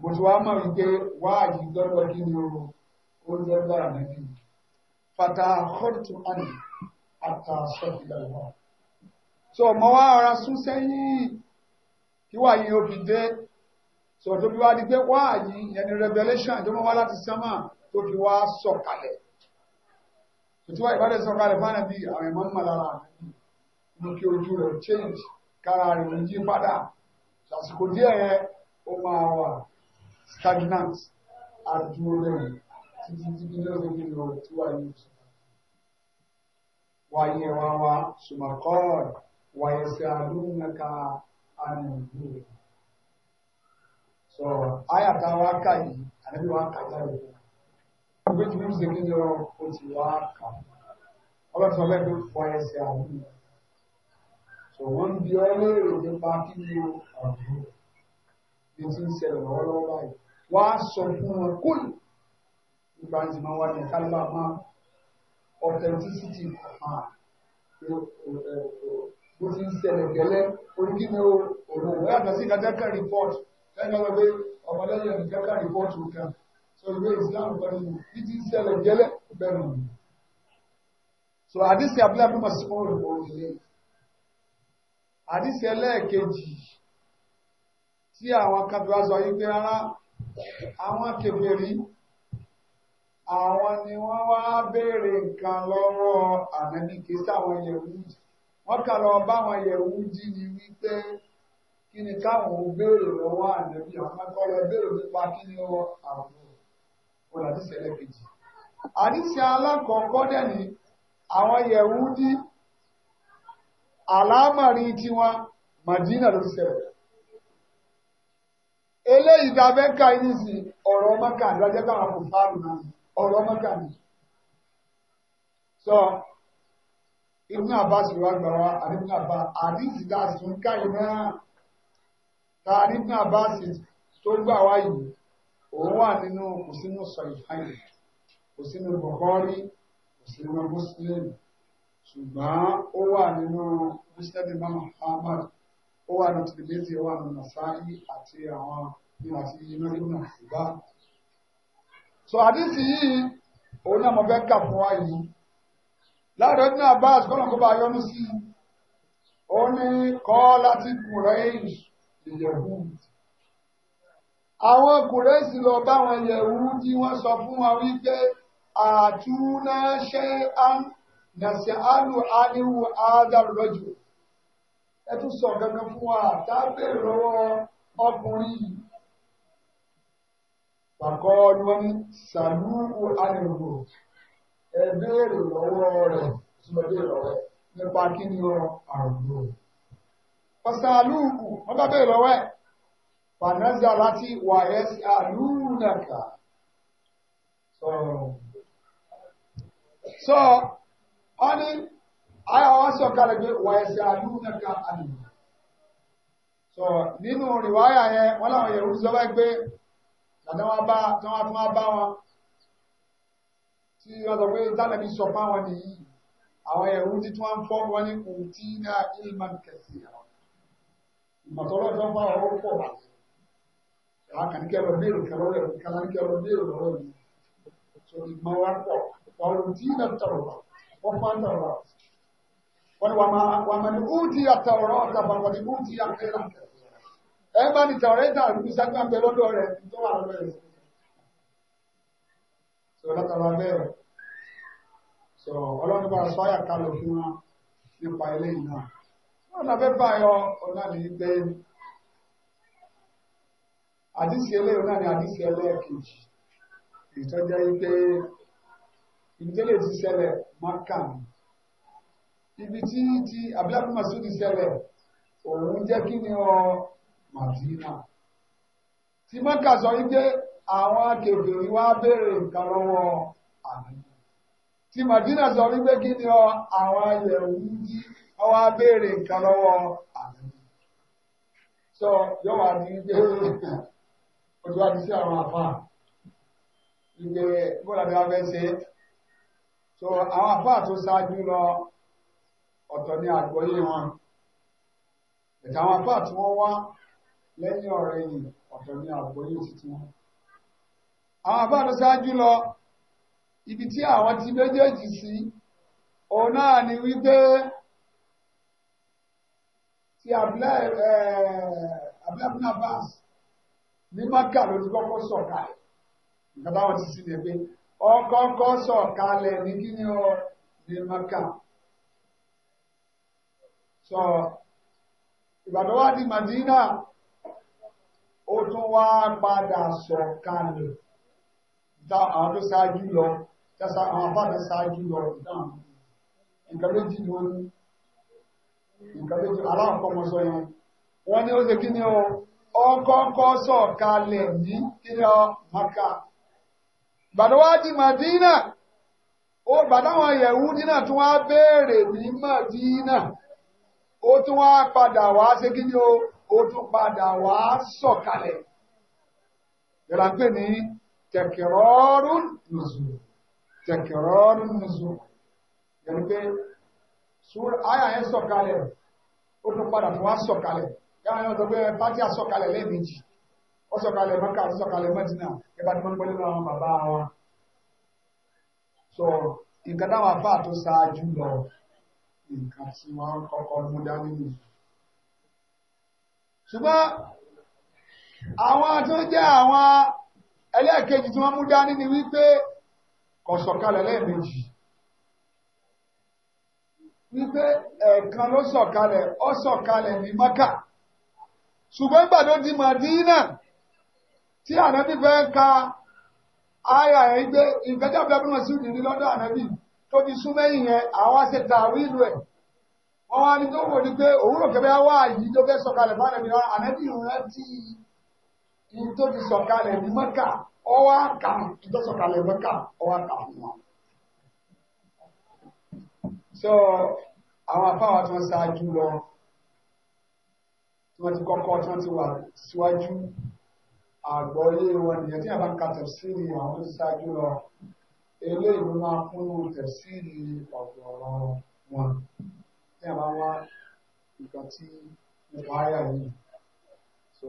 bòtú wa mọ̀ wípé wáàyí lọ́dọ̀ kí ni o ó lọ́dọ̀ ànábì fata àkọ́tù àná àtàṣọ́ ìlànà so mo wá ọ̀ra sún sẹ́yìn kí wà yìí ó fi dé so tó fi wá di pé wá yìí yẹn ni revelation tó mọ́ wá láti sánmà tó fi wá sọ̀kalẹ̀ tó wá ìbádẹ́ sọ̀kalẹ̀ fáwọn bí àwọn ẹ̀mọ́ ń mọ̀ inú kí ojú rẹ̀ change kára rẹ̀ ń yí padà àsìkò díẹ̀ yẹn ó máa wà stagnant àdúró lẹ́yìn títí títí lọ́sẹ̀ kí lọ tí wà yìí wáyé wá wá sùmọ̀kọ́ọ̀dù. ويسألونك عن الدين so aya ta wá kà yìí ànábì wá kà jáde gbogbo tí wọn ṣe kí ni ó ti wá kà ọba tí wọn bẹ fi fọ ẹsẹ àwọn ènìyàn so wọn bí ọ léèrè nípa kí ni ọdún ní ti ń ṣẹlẹ̀ lọ́wọ́lọ́wọ́ báyìí wá sọ fún wọn kúlù nígbà tí wọn wá ní kálíbà máa authenticity máa ó ti ń ṣẹlẹ̀ gẹ́lẹ́ orí kí ni ó òun òun yàtọ̀ sí ìdájọ́kà report lẹ́yìn ọ̀rọ̀ pé ọmọlẹ́yìn ìdájọ́kà report ó kàn so ìwé ìsìláàmù kan nínú bí ti ń ṣẹlẹ̀ gẹ́lẹ́ bẹ́ẹ̀ nù. so àdìsí abúlé abúlé màsí fún olùkọ́ òkèlè àdìsí ẹlẹ́ẹ̀kejì tí àwọn kábíwá sọ yí pé rárá àwọn kèfèrí àwọn ni wọ́n wá béèrè nǹkan lọ́wọ́ àmẹ́bí kìí sáwọn yẹ̀wù wọ́n ọba lọ báwọn yẹ̀wù jí ni wípé kí ni káwọn béèrè lọ́wọ́ ànẹ́bí àwọn ẹ̀kọ́ béèrè nípa kí ni àwọn òun àdìsí alákọ̀ọ́kọ́ dẹ̀ ni àwọn yẹ̀wù jí àlámọ̀rí tiwọn Màdínà ló eléyìí tá a fẹ́ ka yín sí ọ̀rọ̀ lọ́jọ́ kò fáàrù náà ọ̀rọ̀ ibùdó àbá sì wá gbà wá àdìbùdó àbá àdìsí dá sí ń ká iná ta àdìbùdó àbá sì tó gbà wá yìí òun wà nínú kò sínú sọ̀rọ̀ kò sínú Bukhari kò sínú Muslim ṣùgbọ́n ó wà nínú mùsùlùmí Muhammad ó wà ní tìbílẹ́sì ó wà ní Nasa'i àti àwọn ìwà sí iná nínú so àdìsí yìí òun náà mo fẹ́ kà fún wa yìí láàrin ọdún Abbas kọ́nà kó bá yọnu sí ó ní kọ́ láti kùrẹ́ẹ̀sì ìyẹ̀wù àwọn kùrẹ́ẹ̀sì lọ bá wọn yẹ̀wù tí wọ́n sọ fún wa wípé àtúnáṣẹ́ nàṣẹ́ àlù àníwò àádárọ̀lọ́jù ẹ tún sọ gangan fún wa tábìlì lọ́wọ́ ọkùnrin yìí pàkọ́ ni wọ́n ní ẹ béèrè lọ́wọ́ rẹ̀ tí wọ́n béèrè lọ́wọ́ nípa kí ni ó àrùgbò. Ọ̀sán àlúùkù, wọ́n bá bèèrè lọ́wọ́ ẹ̀. láti wà ẹ́ sí àlúùnàkà. Sọ ọ ní àwọn wà ẹ́ sí Sọ nínú rìwáyà yẹn, wọ́n láwọn yẹ̀rù bá bá wọn. tí wọ́n sọ pé ìtànàbí sọ fáwọn nìyí àwọn ẹ̀rú tí tí wọ́n ń fọ́ wọn ní kò tí ní ilman kẹsì àwọn ìmọ̀tọ́lọ́ tó ń bá wọn pọ̀ wá àwọn kàn ní kí ẹ̀rọ béèrè kẹrọ rẹ̀ kàn ní kí ẹ̀rọ béèrè lọ́wọ́ yìí so ìmọ̀ wa pọ̀ ọ̀rọ̀ tí ní tọ̀rọ̀ wọ́n fọ́n tọ̀rọ̀ wọ́n wà máa ní úti àtọ̀rọ̀ ọ̀tàbà wọ́n ní úti àkẹ́rà ẹ̀ bá ní tọ̀rẹ́ sọ látara bẹ́ẹ̀ sọ ọlọ́run bá sọ àyà kalẹ̀ fún wa nípa eléyìí náà wọn náà fẹ́ báyọ̀ ọ̀nà ní pé àdìsí eléyìí náà ní àdìsí ẹlẹ́ẹ̀kejì ìtọ́jà yìí pé ìdílé ti ṣẹlẹ̀ mákàn ibi tí ti abúlé masudi ṣẹlẹ̀ òun jẹ́ kí ni ọ màdínà tí mákà sọ yìí àwọn akèbèrè wá béèrè nǹkan lọ́wọ́ àmì tí Madina sọ wípé kí ni àwọn ayẹ̀wò ní nǹkan lọ́wọ́ sọ ní ojú wa ti sí àwọn àfa ìgbé bọ́lá bí so àwọn àfa tó ṣáájú lọ ọ̀tọ̀ ní wọn àwọn àfa tí wọ́n wá lẹ́yìn àwọn àbáàdó ṣáájú lọ ibi tí àwọn ti méjèèjì sí òun náà ni wípé ti abúlé abúnabas ní maka ló ti kọ́kọ́ sọ̀ka nǹkan táwọn ti sí ni pé ọkọ̀ọ̀kọ̀ sọ̀kalẹ̀ ní kíni ọ ní maka sọ ìbàdàn wá di Madina ó tún wá padà sọ̀kalẹ̀. So, dá a tó ṣáájú lọ tẹ́sà àwọn abáàdé ṣáájú lọ dáhùn nǹkan méjì ló ní nǹkan méjì aláàkọ́ ni o ọkọ̀ọ̀kọ̀ sọ̀kalẹ̀ ní kílọ̀ maka gbàdọ́wájì Madina ó gbàdáwọn yẹ̀wú dínà tún wá béèrè ní o ó tún ní tẹ̀kẹ̀rọ́rùn nùzùrù tẹ̀kẹ̀rọ́rùn nùzùrù yẹnu pé àyà yẹn sọ̀kalẹ̀ ó tún padà fún wa sọ̀kalẹ̀ yára yẹn sọ pé pátí àsọ̀kalẹ̀ lẹ́ẹ̀mejì ó sọ̀kalẹ̀ mọ́kà sọ̀kalẹ̀ mọ́tìnà ẹ̀bá tí wọ́n gbọ́ nínú àwọn bàbá wọn. sọ nǹkan táwọn afá tó ṣáájú lọ nǹkan tí wọ́n kọ́kọ́ mú dání nìyí. ṣùgbọ́n àwọn tó jẹ́ àwọn ẹlẹ́ẹ̀kejì tí wọ́n mú dání ni wípé kò sọ̀kalẹ̀ lẹ́ẹ̀mejì wípé ẹ̀ẹ̀kan ló sọ̀kalẹ̀ ó sọ̀kalẹ̀ ní Mákà ṣùgbọ́n gbà tó di Màdínà tí ànábì fẹ́ ka àyà ẹ̀ gbé ìgbẹ́jọ́ bí wọ́n sì rí lọ́dọ̀ ànábì tó ti súnmọ́ ìyẹn àwa ṣe tààrí ìlú ẹ̀ wọ́n wá ní tó wò ní pé òwúrò kẹfẹ́ wá yìí tó fẹ́ sọ̀kalẹ̀ fún ànábì rẹ̀ ànábì rẹ̀ tí ì tó fi sọ̀kalẹ̀ ní mẹ́kà ọwọ́ àkà tó sọ̀kalẹ̀ mẹ́kà ọwọ́ àkà fún so àwọn afáwà tí wọ́n ṣáájú lọ tí wọ́n ti kọ́kọ́ tí wọ́n ti wà síwájú àgbọ̀yé wọn nìyẹn tí àbá ń ka tẹ̀síìrì àwọn tó ṣáájú lọ eléyìí ló máa kún tẹ̀síìrì ọ̀gọ̀ọ̀rọ̀ wọn tí àbá wá nǹkan tí mo wáyà yìí so.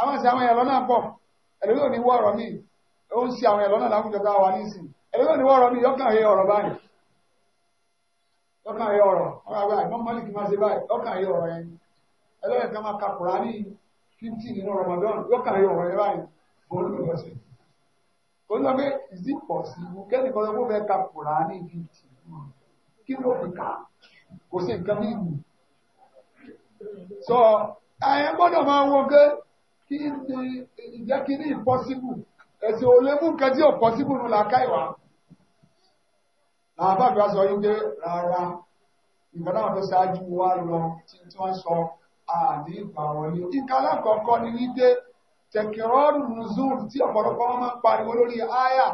àwọn ìsìn àwọn èèyàn lọ́nà pọ̀ ẹlòmíì ò ní wọ́ ọ̀rọ̀ míì ó ń ṣe àwọn èèyàn lọ́nà láwùjọ tá a wà nísìn ẹlòmíì ò ní wọ́ ọ̀rọ̀ míì yọkàn ayé ọ̀rọ̀ báyìí yọkàn ayé ọ̀rọ̀ ọ̀rọ̀ àgbà ìmọ̀ mọ́lìkì máa ṣe báyìí yọkàn ayé ọ̀rọ̀ yẹn ẹlẹ́yìn kan máa ka kùránì fifty nínú Ramadan yọkàn ayé ọ̀rọ̀ yẹn báyìí bọ́ọ̀lù lọ́sẹ̀ kò ní sọ pé ìdí pọ̀ sí i kẹ́ni kan tó fẹ́ ka kùránì fifty kí ló fi kà kò sí nǹkan mímu sọ àyẹ̀ gbọ́dọ̀ máa wọ́n gẹ́ kí ni ìjẹ́ kí ní impossible ẹ̀sìn ò lè mú nǹkan tí ò possible nù làákà ìwà. làwọn bàbá sọ yín pé rárá ìgbà náà tó ṣáájú wa lọ tí wọ́n sọ àní ìgbà wọlé. ìka alákọ̀ọ́kọ́ ni wípé tẹ̀kẹ̀rọ́ọ̀rù nùzúrù tí ọ̀pọ̀lọpọ̀ wọn máa ń pariwo lórí àyà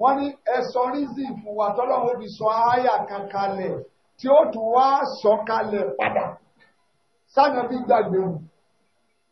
wọ́n ní ẹ̀sọ́ rízìn fún wa tọ́lọ́wọ́ fi sọ àyà kan kalẹ̀ tí ó tún wá sọ kalẹ̀ padà sáà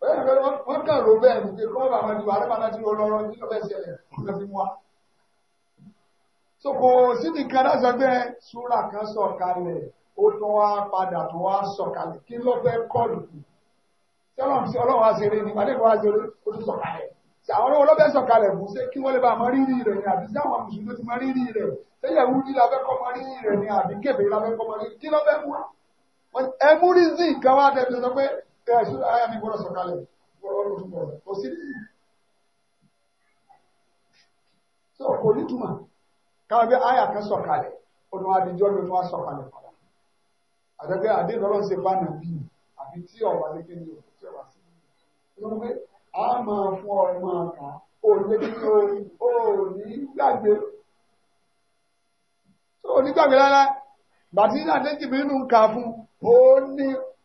bẹ́ẹ̀ ni wọ́n kàn ló bẹ́ẹ̀ ní pé kọ́ bàbá máa di wà lẹ́bàá láti rọ lọ́rọ́ ní ọbẹ̀ ṣẹlẹ̀ ló fi wá. so kò sí nìkan láti gbé súrà kan sọ̀kalẹ̀ ó tún wá padà tó wá sọ̀kalẹ̀ kí ló fẹ́ kọ́ọ̀lù kù tí ọlọ́run sí ọlọ́run wá ṣeré ni pàdé wá ṣeré ó tún sọ̀kalẹ̀ tí àwọn olówó lọ́bẹ̀ sọ̀kalẹ̀ kù sí kí wọ́n lè bá mọ rírì rẹ̀ ni àbí sí àwọn mùsùlùmí ti mọ rírì rẹ̀ sẹ́yẹ̀ wúdí la fẹ́ kọ́ mọ rírì rẹ̀ ni àbí kébè la fẹ́ kọ́ mọ rírì kí ló fẹ́ mú ẹ nǹkan wá tẹ̀ sọ pé ṣe àṣù àyà mi gbọ́dọ̀ sọ̀kalẹ̀ gbọ́dọ̀ ló túbọ̀ rẹ̀ kò sí nìyí. sọ kò ní túmọ̀ káwọn bí àyà kan sọ̀kalẹ̀ ọdún adijọ́ ló tún wá sọ̀kalẹ̀ padà àdẹ́gbẹ́ àdéhùn ọlọ́run ṣe bá nà bí àbí tí ọ̀wà ní kí ni ò tí ọ̀wà sí i. a máa fún ọ máa kà ó lé kí ní gbàgbé ó ní gbàgbé rárá bàtí ní àdéjì mi nù ń fún ó ní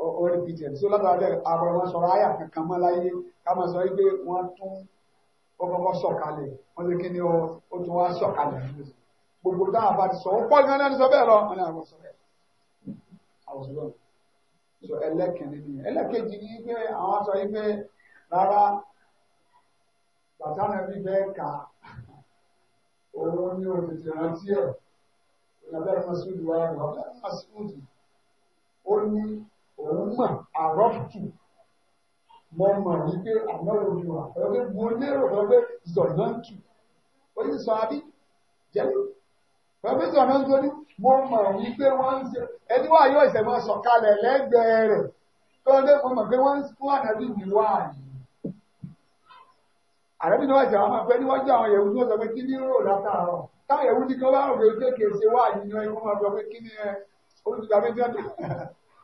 orí pt so lọ́dọ̀ adé àbọ̀rọ̀ wọn sọ̀rọ̀ àyà kankan mọ́ láyé ká máa sọ wípé wọ́n tún ó kọ́kọ́ sọ̀kalẹ̀ wọ́n ti kí ni ó tún wá sọ̀kalẹ̀ gbogbo táwọn bá ti sọ ó pọ̀ gan-an ní sọ bẹ́ẹ̀ lọ wọ́n ní àwọn sọ bẹ́ẹ̀ àwọn sọ bẹ́ẹ̀ so ẹlẹ́kẹ̀ni ni ẹlẹ́kẹ̀jì ni pé àwọn sọ yìí pé rárá bàtà náà bí bẹ́ẹ̀ òun ni o tètè rántí ẹ̀ ìyàbẹ̀rẹ̀ masúdù wa òun mọ̀ àrọ́fùtù mo mọ̀ wípé àná òbí wa ọ̀rọ̀ mo lérò lọ pé zọ̀nàǹtù ó yí sọ abí jẹ́lú pẹ̀lú zọ̀nàǹtù ni mo mọ̀ wípé wọ́n ń ṣe ẹni wà yóò ṣẹ̀ mọ́ sọ̀kalẹ̀ lẹ́gbẹ̀ẹ́ rẹ̀ tó ń dé mo mọ̀ pé wọ́n ń fún ànábì mi wá yìí. àrẹ́bí ni wọ́n jẹ́ àwọn afẹ́ níwájú àwọn yẹ̀wù tó sọ pé kí ní rò látàárọ̀ táwọn yẹ̀wù ní kí wọ́n bá rò pé kéèké ṣe wá yìí ni wọ́n máa pé kí ní ẹ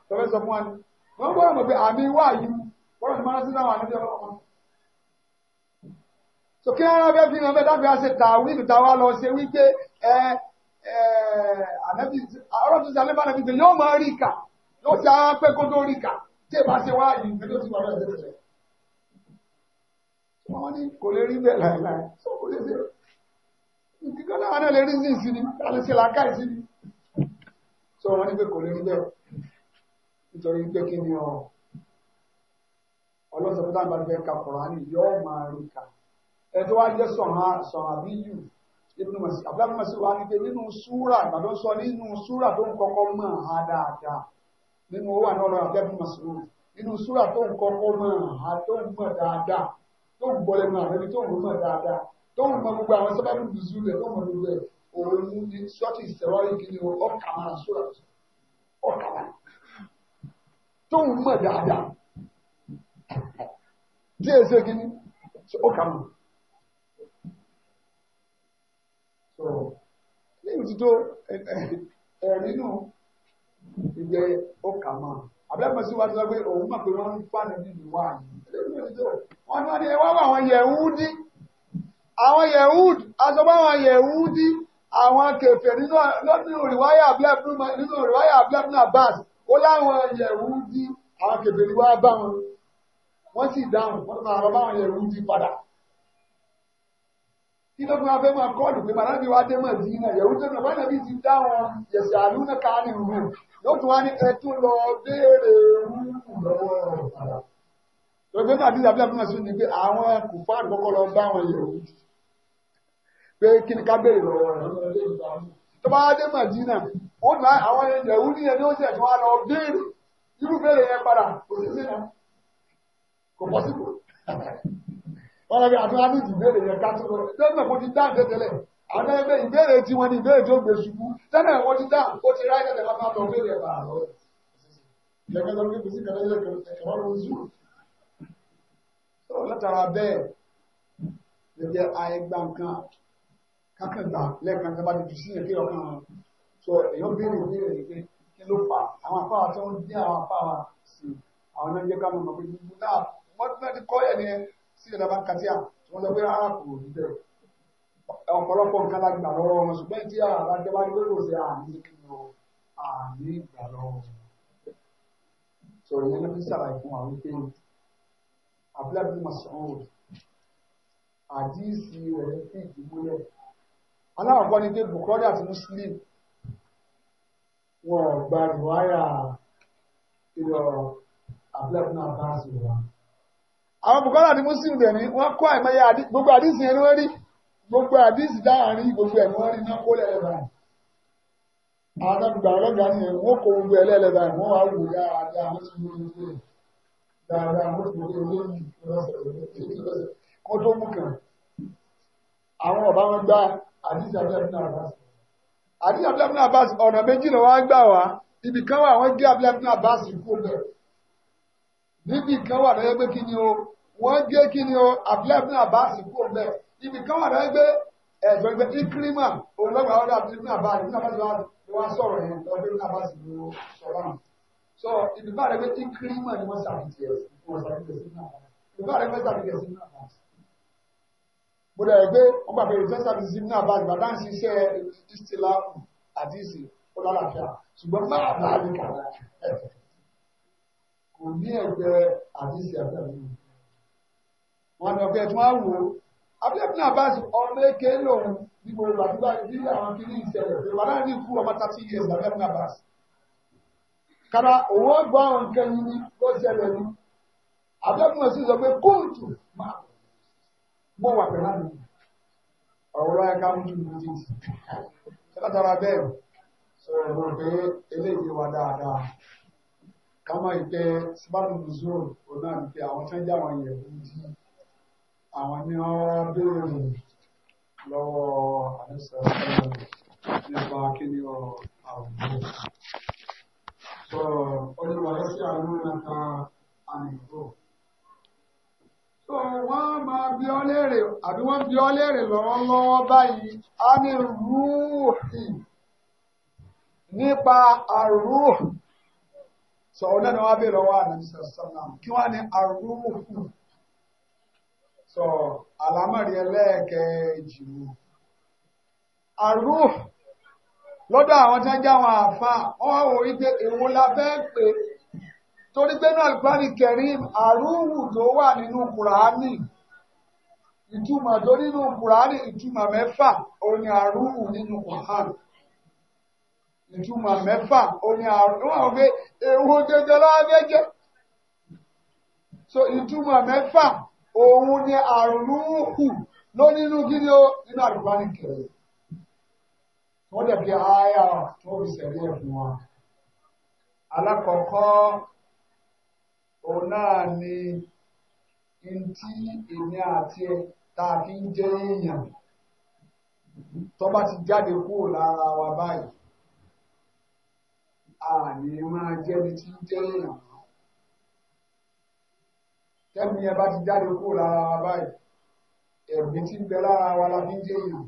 tọ́lẹ̀ sọ fún wa ni wọ́n gbọ́dọ̀ mọ̀ pé àmì wá yìí wọ́n ti máa ń sínú àwọn àmì ọlọ́wọ́ so kí ara bẹ́ẹ̀ fi hàn bẹ́ẹ̀ dábìá ṣe tàwílù táwa lọ ṣe wípé ẹ ẹ ọ̀rọ̀ tó ṣe alẹ́ bá nàbí ṣe yóò máa rí ìkà yóò ṣe ara pẹ́ kó tó rí ìkà tí èèbá ṣe wá yìí nígbà tó ti wà lọ́dẹ̀ tẹ̀lẹ̀ wọ́n ní kò lè rí bẹ́ẹ̀ láìláì so kò lè ṣe ìdíkọ́ náà lè ìsinmi àti ṣe ni so wọ́n ní pé kò lè rí bẹ́ẹ̀ nítorí pé kí ni ọ ọlọ́sọ̀ tó dábàá fẹ́ ka Kùránì yóò máa rí ka ẹ tó wá jẹ́ sọ̀rọ̀ sọ̀rọ̀ àbí yù nínú màsí àbúrò màsí wa ni pé nínú súrà àgbàdo sọ nínú súrà tó ń kọ́kọ́ mọ̀ á dáadáa nínú owó àná ọlọ́run àbúrò màsí wa nínú súrà tó ń kọ́kọ́ mọ̀ á tó ń mọ̀ dáadáa tó ń gbọ́lẹ̀ mọ̀ àbẹ́bí tó ń mọ̀ dáadáa tó ń mọ̀ gbogbo àwọn sábà dùdù zúlẹ̀ tó ń mọ̀ gbogbo ẹ̀ òun ni sọ́ọ̀tì ìsẹ̀wárí kí ọkà máa súrà ọkà máa tó ń mọ̀ dáadáa díẹ̀ sí èkìní ó kà mọ̀. ní ìtútó ẹ̀rínú ìgbẹ́ ó kà mọ̀ àbẹ́mọ̀ sí wájú pé òun mọ̀ pé wọ́n ń fàánù nínú wa wọ́n ní wọ́n ní ẹwà àwọn yẹ̀húdí àwọn yẹ̀húdí asọ́gbà àwọn yẹ̀húdí àwọn kẹfẹ́ nínú ìwáyà abúlé abúlé náà báàsì ó láwọn yẹ̀wù dí àwọn kèbèrè wá bá wọn wọ́n sì dáhùn wọ́n tún àwọn báwọn yẹ̀wù dí padà kí ló fún afẹ́ máa kọ́ọ̀lù pé màdá bí wá dé mọ̀ sí iná yẹ̀wù tó nà bá nàbí ti dáhùn yẹ̀sẹ̀ àlú náà ká ní ìrù yóò tún wá ní ẹtún lọ béèrè rúùkù lọ́wọ́ ọ̀rọ̀ lọ́gbẹ́ náà bí abúlé fún ni pé àwọn kò fà àgbọ́kọ́ lọ bá wọn yẹ̀wò pé kí ni ká béèrè lọ́wọ́ rẹ̀ ó ní àwọn ẹ̀jẹ̀ wú ní ẹni ó jẹ̀ tí wọ́n á lọ béèrè irú béèrè yẹn padà kò sí sí náà kò pọ̀ sí kò. wọ́n lọ bí àtúntò á ní ìbéèrè yẹn ká tó lọ lẹ́nu ẹ̀kọ́ ti dáhùn tẹ́tẹ́lẹ̀ àwọn ẹgbẹ́ ìbéèrè tí wọ́n ní ìbéèrè tó gbé ṣubú tẹ́lẹ̀ ẹ̀kọ́ ti dáhùn ó ti ráyè tẹ́lẹ̀ wọn máa lọ béèrè ẹ̀ bàá lọ. látara bẹ́ẹ̀ lè jẹ́ àìgbà nǹkan kákàgbà lẹ́ẹ̀kan tó bá ti tù sí ẹ̀kẹ́ ọkàn sọ èèyàn béèrè béèrè ní pé kí ló fà àwọn afáwà tó ń jẹ́ àwọn afáwà sí hmm. àwọn náà jẹ́ ká mọ̀ pé gbogbo náà wọ́n ti náà ti kọ́ ẹ̀ ní sí ìdàbà kàtíà wọ́n sọ pé ara ah, kò rí bẹ́ẹ̀ ọ̀pọ̀lọpọ̀ nǹkan la gbà lọ́wọ́ wọn ṣùgbọ́n tí ara jẹ́ wá ní pé kò sí àní ah, kíkọ́ àní ah, ìgbà lọ́wọ́ sọ̀rọ̀ yẹn ló fi ṣàlàyé fún wa wípé abúlé bí mo sọ ọ́ àdíìsì rẹ̀ fi ìdí múlẹ̀ aláwọ̀ kọ́ni pé Bukhari àti Muslim wọn ò gba rìwáyà ìrọ̀ àbúlẹ̀kùn àbáàsì wa. àwọn bùkọ́lá ni muslim dẹ̀ ní wọ́n kọ́ àìmọye gbogbo àdìsí ẹni wọ́n rí gbogbo àdìsí dáhàrin gbogbo wọ́n rí náà kó àwọn ni wọ́n gbogbo àdìsí abdullahi bin abbas ọ̀nà méjì ló wá gbà wá ibì kan wà wọ́n gé abdullahi bin abbas kú bẹ̀ níbì kan wà lọ́yẹ́ pé kí ni o wọ́n gé kí ni o abdullahi bin abbas kú bẹ̀ ibì kan wà lọ́yẹ́ pé ẹ̀jọ̀ ìgbẹ́ ikrima òun lọ́gbà ọ̀dọ̀ abdullahi bin abbas bin abbas wá sọ̀rọ̀ yẹn lọ́dọ̀ bin abbas ló sọ̀rọ̀ náà so ibì kan wà lọ́yẹ́ pé ikrima ni wọ́n sàbìtì ẹ̀ mo dẹ̀ gbé wọ́n gbà pé ìfẹ́ sàbísí náà bá ìgbà bá ń ṣiṣẹ́ ìṣẹ̀lá àti ìṣe ó lálàáfíà ṣùgbọ́n máa bá a lè kà láàfíà kò ní ẹgbẹ́ àti ìṣe àbẹ̀wò wọn ni ọgbẹ́ tí wọ́n wò ó abúlé náà bá ṣe ọmọ eke lòun ní gbogbo àdúgbò ní àwọn kìíní ìṣẹ̀lẹ̀ yorùbá náà ní ikú ọmọ thirty years abúlé náà bá ṣe kàrà òun ó gbọ́ àwọn nǹkan yìí ló ṣẹlẹ̀ ní abúlé náà sì sọ pé kóòtù máa mo wà pẹ̀lú àná ọ̀rọ̀ lọ́yà ká mú jùlọ ní títì látara bẹ́ẹ̀ sọ̀rọ̀ mo pé eléyìí wà dáadáa ká mọ̀ ìpẹ́ síbáàdùn zoro òun náà ní pé àwọn tí wọ́n jẹ́ àwọn yẹ̀wò di àwọn ní wọ́n béèrè lọ́wọ́ àdúsọ̀ nípa kí ni ọ̀rọ̀ àwùjọ. sọ̀rọ̀ olùwàlẹ́sì àlùmọ̀ta àmì ìgbò so wọ́n máa bí ọ léèrè àbí wọ́n bí ọ léèrè lọ́wọ́lọ́wọ́ báyìí á ní rúùhì nípa àrùhù sọ̀rọ̀ náà ni wọ́n á bèèrè lọ́wọ́ àdàbísà sọ̀nà kí wọ́n ní àrùhù sọ àlámọ̀rí ẹlẹ́ẹ̀kẹ́jì wò àrùhù lọ́dọ̀ àwọn tí wọ́n já wọn àfa wọ́n wò wípé èwo la fẹ́ pè é torí pé náà Al-Qur'ani Karim àrùwù tó wà nínú kùránì ìtumọ̀ tó nínú kùránì ìtumọ̀ mẹ́fà ó ní àrùwù nínú kùránì ìtumọ̀ mẹ́fà ó ní àrùwù wọn gbé ewu jẹjẹ lọ́wọ́dẹ́jẹ́ so ìtumọ̀ mẹ́fà òun ni àrùwù ló nínú gíní ó nínú Al-Qur'ani Karim wọ́n dẹ̀ fi àyà tó fi sẹ̀rí fún wa alákọ̀ọ́kọ́ òun náà ni ntí èmi àti ẹ tá a fi ń jẹ́ èèyàn tó bá ti jáde kúrò lára wa báyìí a ní máa jẹ́ni tí ń jẹ́ èèyàn tẹ́mi yẹn bá ti jáde kúrò lára wa báyìí ẹ̀mí tí ń bẹ lára wa la fi ń jẹ́ èèyàn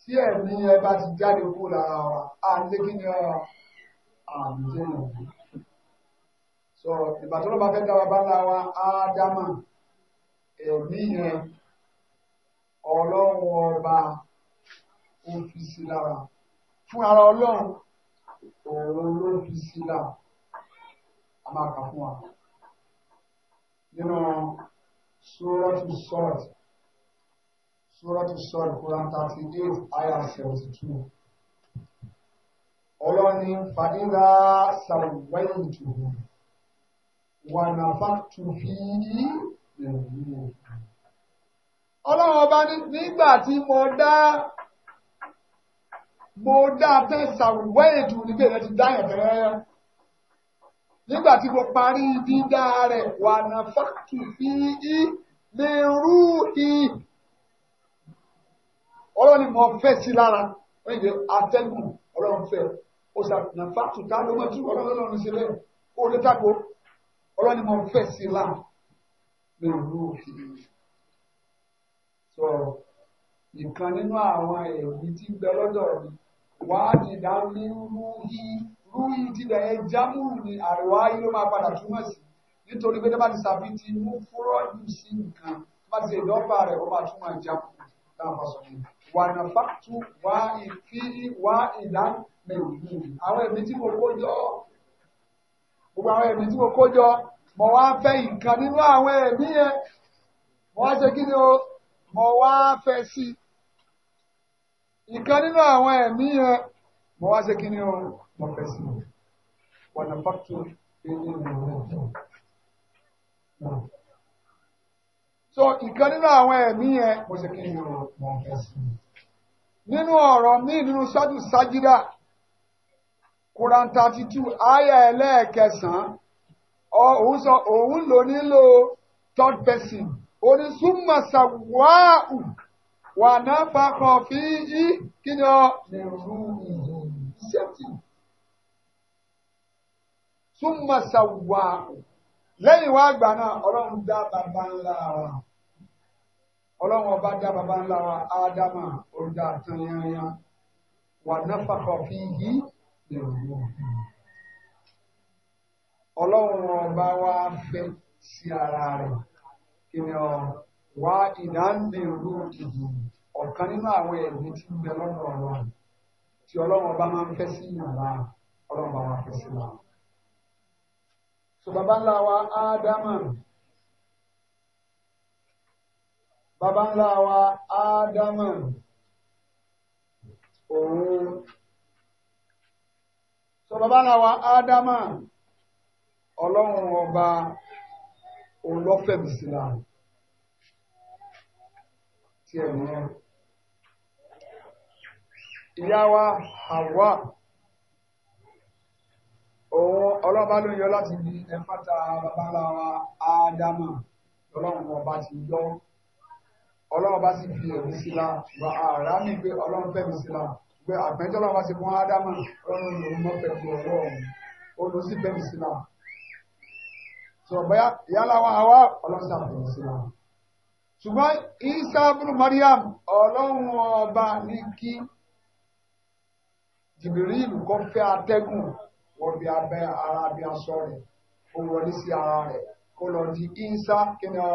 tí ẹ̀mí yẹn bá ti jáde kúrò lára wa a ní kí ni ọ àmì jẹ́ èèyàn so ìgbà tó ló bá fẹ́ dá bàbá ńlá wa ádámà ẹ̀mí yẹn ọlọ́run ọba ó fi sí lára fún ara ọlọ́run òun ló fi sí lára a máa kà fún wa nínú sórọ́tù sọ́ọ̀tù sórọ́tù sọ́ọ̀tù Quran thirty eight ayah seventy two ọlọ́run ní fàdínlá sàwẹ́yìn tòun wànàfàtù fìhí ọlọ́run ọba nígbà tí mo dá mo dá tẹ́ sàwùwẹ́ ètò nígbà rẹ ti dá yẹn tẹ́rẹ́ nígbà tí mo parí dídá rẹ̀ wànàfàtù fìhí ní rú i ọlọ́run ni mo fẹ́ sí lára wọ́n yẹ atẹ́gùn ọlọ́run fẹ́ ọ̀sán nàfàtù tá ló mọ̀ tí ọlọ́run ló ń ṣe lẹ́yìn ó lè tako ọlọ́ni mo fẹ́ sí i láà mi ò rú òfin sọ nìkan nínú àwọn ẹ̀rí tí ń bẹ lọ́dọ̀ mi wàá ní ìdánilé rúhí rúhí ti bẹ̀ ẹ́ jámù ní àríwá yìí ló máa padà túmọ̀ sí nítorí pé dábàá ti sàbí ti mú fúrọ́ yìí sí nǹkan bá ti ìdọ́gba rẹ̀ ó máa túmọ̀ jámù láwọn sọ yìí wà ní fàtú wà ìfí wà ìdánilé rúhí àwọn ẹ̀mí tí mo kó jọ gbogbo àwọn ẹ̀mí tí mo kó jọ mo wá fẹ́ nǹkan nínú àwọn ẹ̀mí yẹn mo wá ṣe kí ni o mo wá fẹ́ sí i nínú àwọn ẹ̀mí yẹn mo wá ṣe kí ni o mo fẹ́ sí i wọ̀nà fọ́tò ẹni ìrìn náà. so nǹkan nínú àwọn ẹ̀mí yẹn mo ṣe kí ni o mo fẹ́ sí nínú ọ̀rọ̀ mi nínú sádùsájídà. Quran thirty two aya ẹlẹ́ẹ̀kẹsàn-án òun sọ òun lò nílò third person onísùnmọ̀sàwáù wà náà fakàn fi yí kí ni ọ súnmọ̀sàwáù lẹ́yìn wá àgbà náà ọlọ́run dá bàbá ńlá wa ọlọ́run ọba dá bàbá ńlá wa ádámà ó dá tán yányán wà náà fakàn fi yí ọlọ́run ọba wa fẹ́ sí ara rẹ̀ ènìyàn wá ìdáǹdè olóòtú ọ̀kan nínú àwọn ẹ̀mí tí ń bẹ lọ́nà ọ̀rọ̀ tí ọlọ́run ọba máa ń fẹ́ sí ìyàrá ọlọ́run ọba wa fẹ́ sí wa. sọ bàbá ńlá wa ádámà bàbá ńlá wa ádámà òun sọ bàbá náà wa ádámà ọlọ́run ọba òun lọ́fẹ̀mí sílá tí ẹ̀ mú ìyá wa Hawa òun ọlọ́ba ló yọ láti di ẹ̀fọ́ta bàbá ńlá wa ádámà ọlọ́run ọba ti yọ ọlọ́run ọba sì fi ẹ̀mí sílá wà á rà mí pé ọlọ́run fẹ̀mí sílá pé àpẹjọ́ náà wá sí fún ádámà ọlọ́run lòún mọ́ pẹ̀lú ọwọ́ òun ó lọ sí bẹ́ẹ̀ sí náà sọ bẹ́ẹ̀ yálà wá wá ọlọ́run sàbẹ̀wò sí náà. ṣùgbọ́n isa bùrù Mariam ọlọ́run ọba ní kí jìbìrìlù kọ́ fẹ́ atẹ́gùn wọ́n bí abẹ́ ara bí aṣọ rẹ̀ ó wọlé sí ara rẹ̀ kó lọ di isa kí ni ọ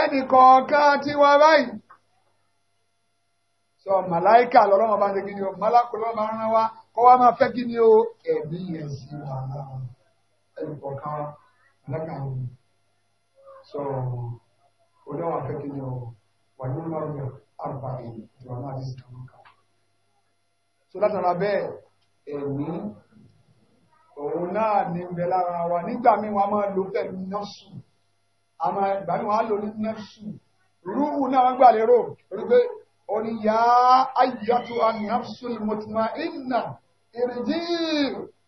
ẹnì kọ̀ọ̀kan tiwa báyìí sọ malaika lọ́lọ́mọ bá ń ṣe kí ni o màláìkà lọ́lọ́mọ bá ń rán wa kọ́ wa máa fẹ́ kí o ẹ̀mí yẹn sí wa ẹnìkọ̀ kan lẹ́ka ń sọ oníwà fẹ́ kí o wà ní mọ́rùn àrùbá yìí ìwà náà ti sùn kan. so látara bẹ́ẹ̀ ẹ̀mí òun náà ní bẹ lára wa nígbà míì wọn a máa lo pẹ̀lú nọ́ọ̀sù àmọ́ ìgbà míì wọn á lo ní nọ́ọ̀sù náà wọ́n gbà lérò rí ó ní yá ayyatu an-nafsul mutma'inna ìrìjì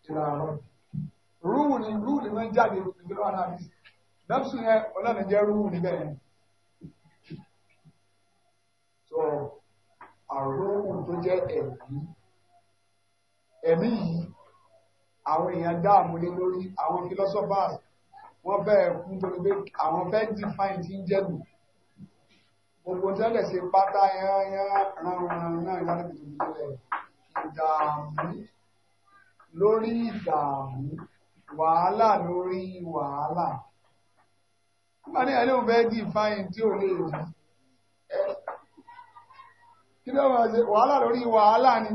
ìlàrọ̀ rúù ni rúù ni wọ́n jáde nígbà wọn náà bíi nafsu yẹn ọlọ́run jẹ́ rúù níbẹ̀ yẹn. so àrùn tó jẹ́ ẹ̀mí ẹ̀mí yìí àwọn èèyàn dáàmú lé lórí àwọn philosophers wọ́n bẹ̀rẹ̀ fún torí pé àwọn fẹ́ẹ́ define ti ń jẹ́ gbogbo tẹ́lẹ̀ ṣe pátá yányán ránran náà láti fi tó bẹ̀rẹ̀ ìdààmú lórí ìdààmú wàhálà lórí wàhálà. Nígbà ní ẹni òun fẹ́ dì fáyín tí ò lè rí. Kí ló máa ṣe wàhálà lórí wàhálà ni?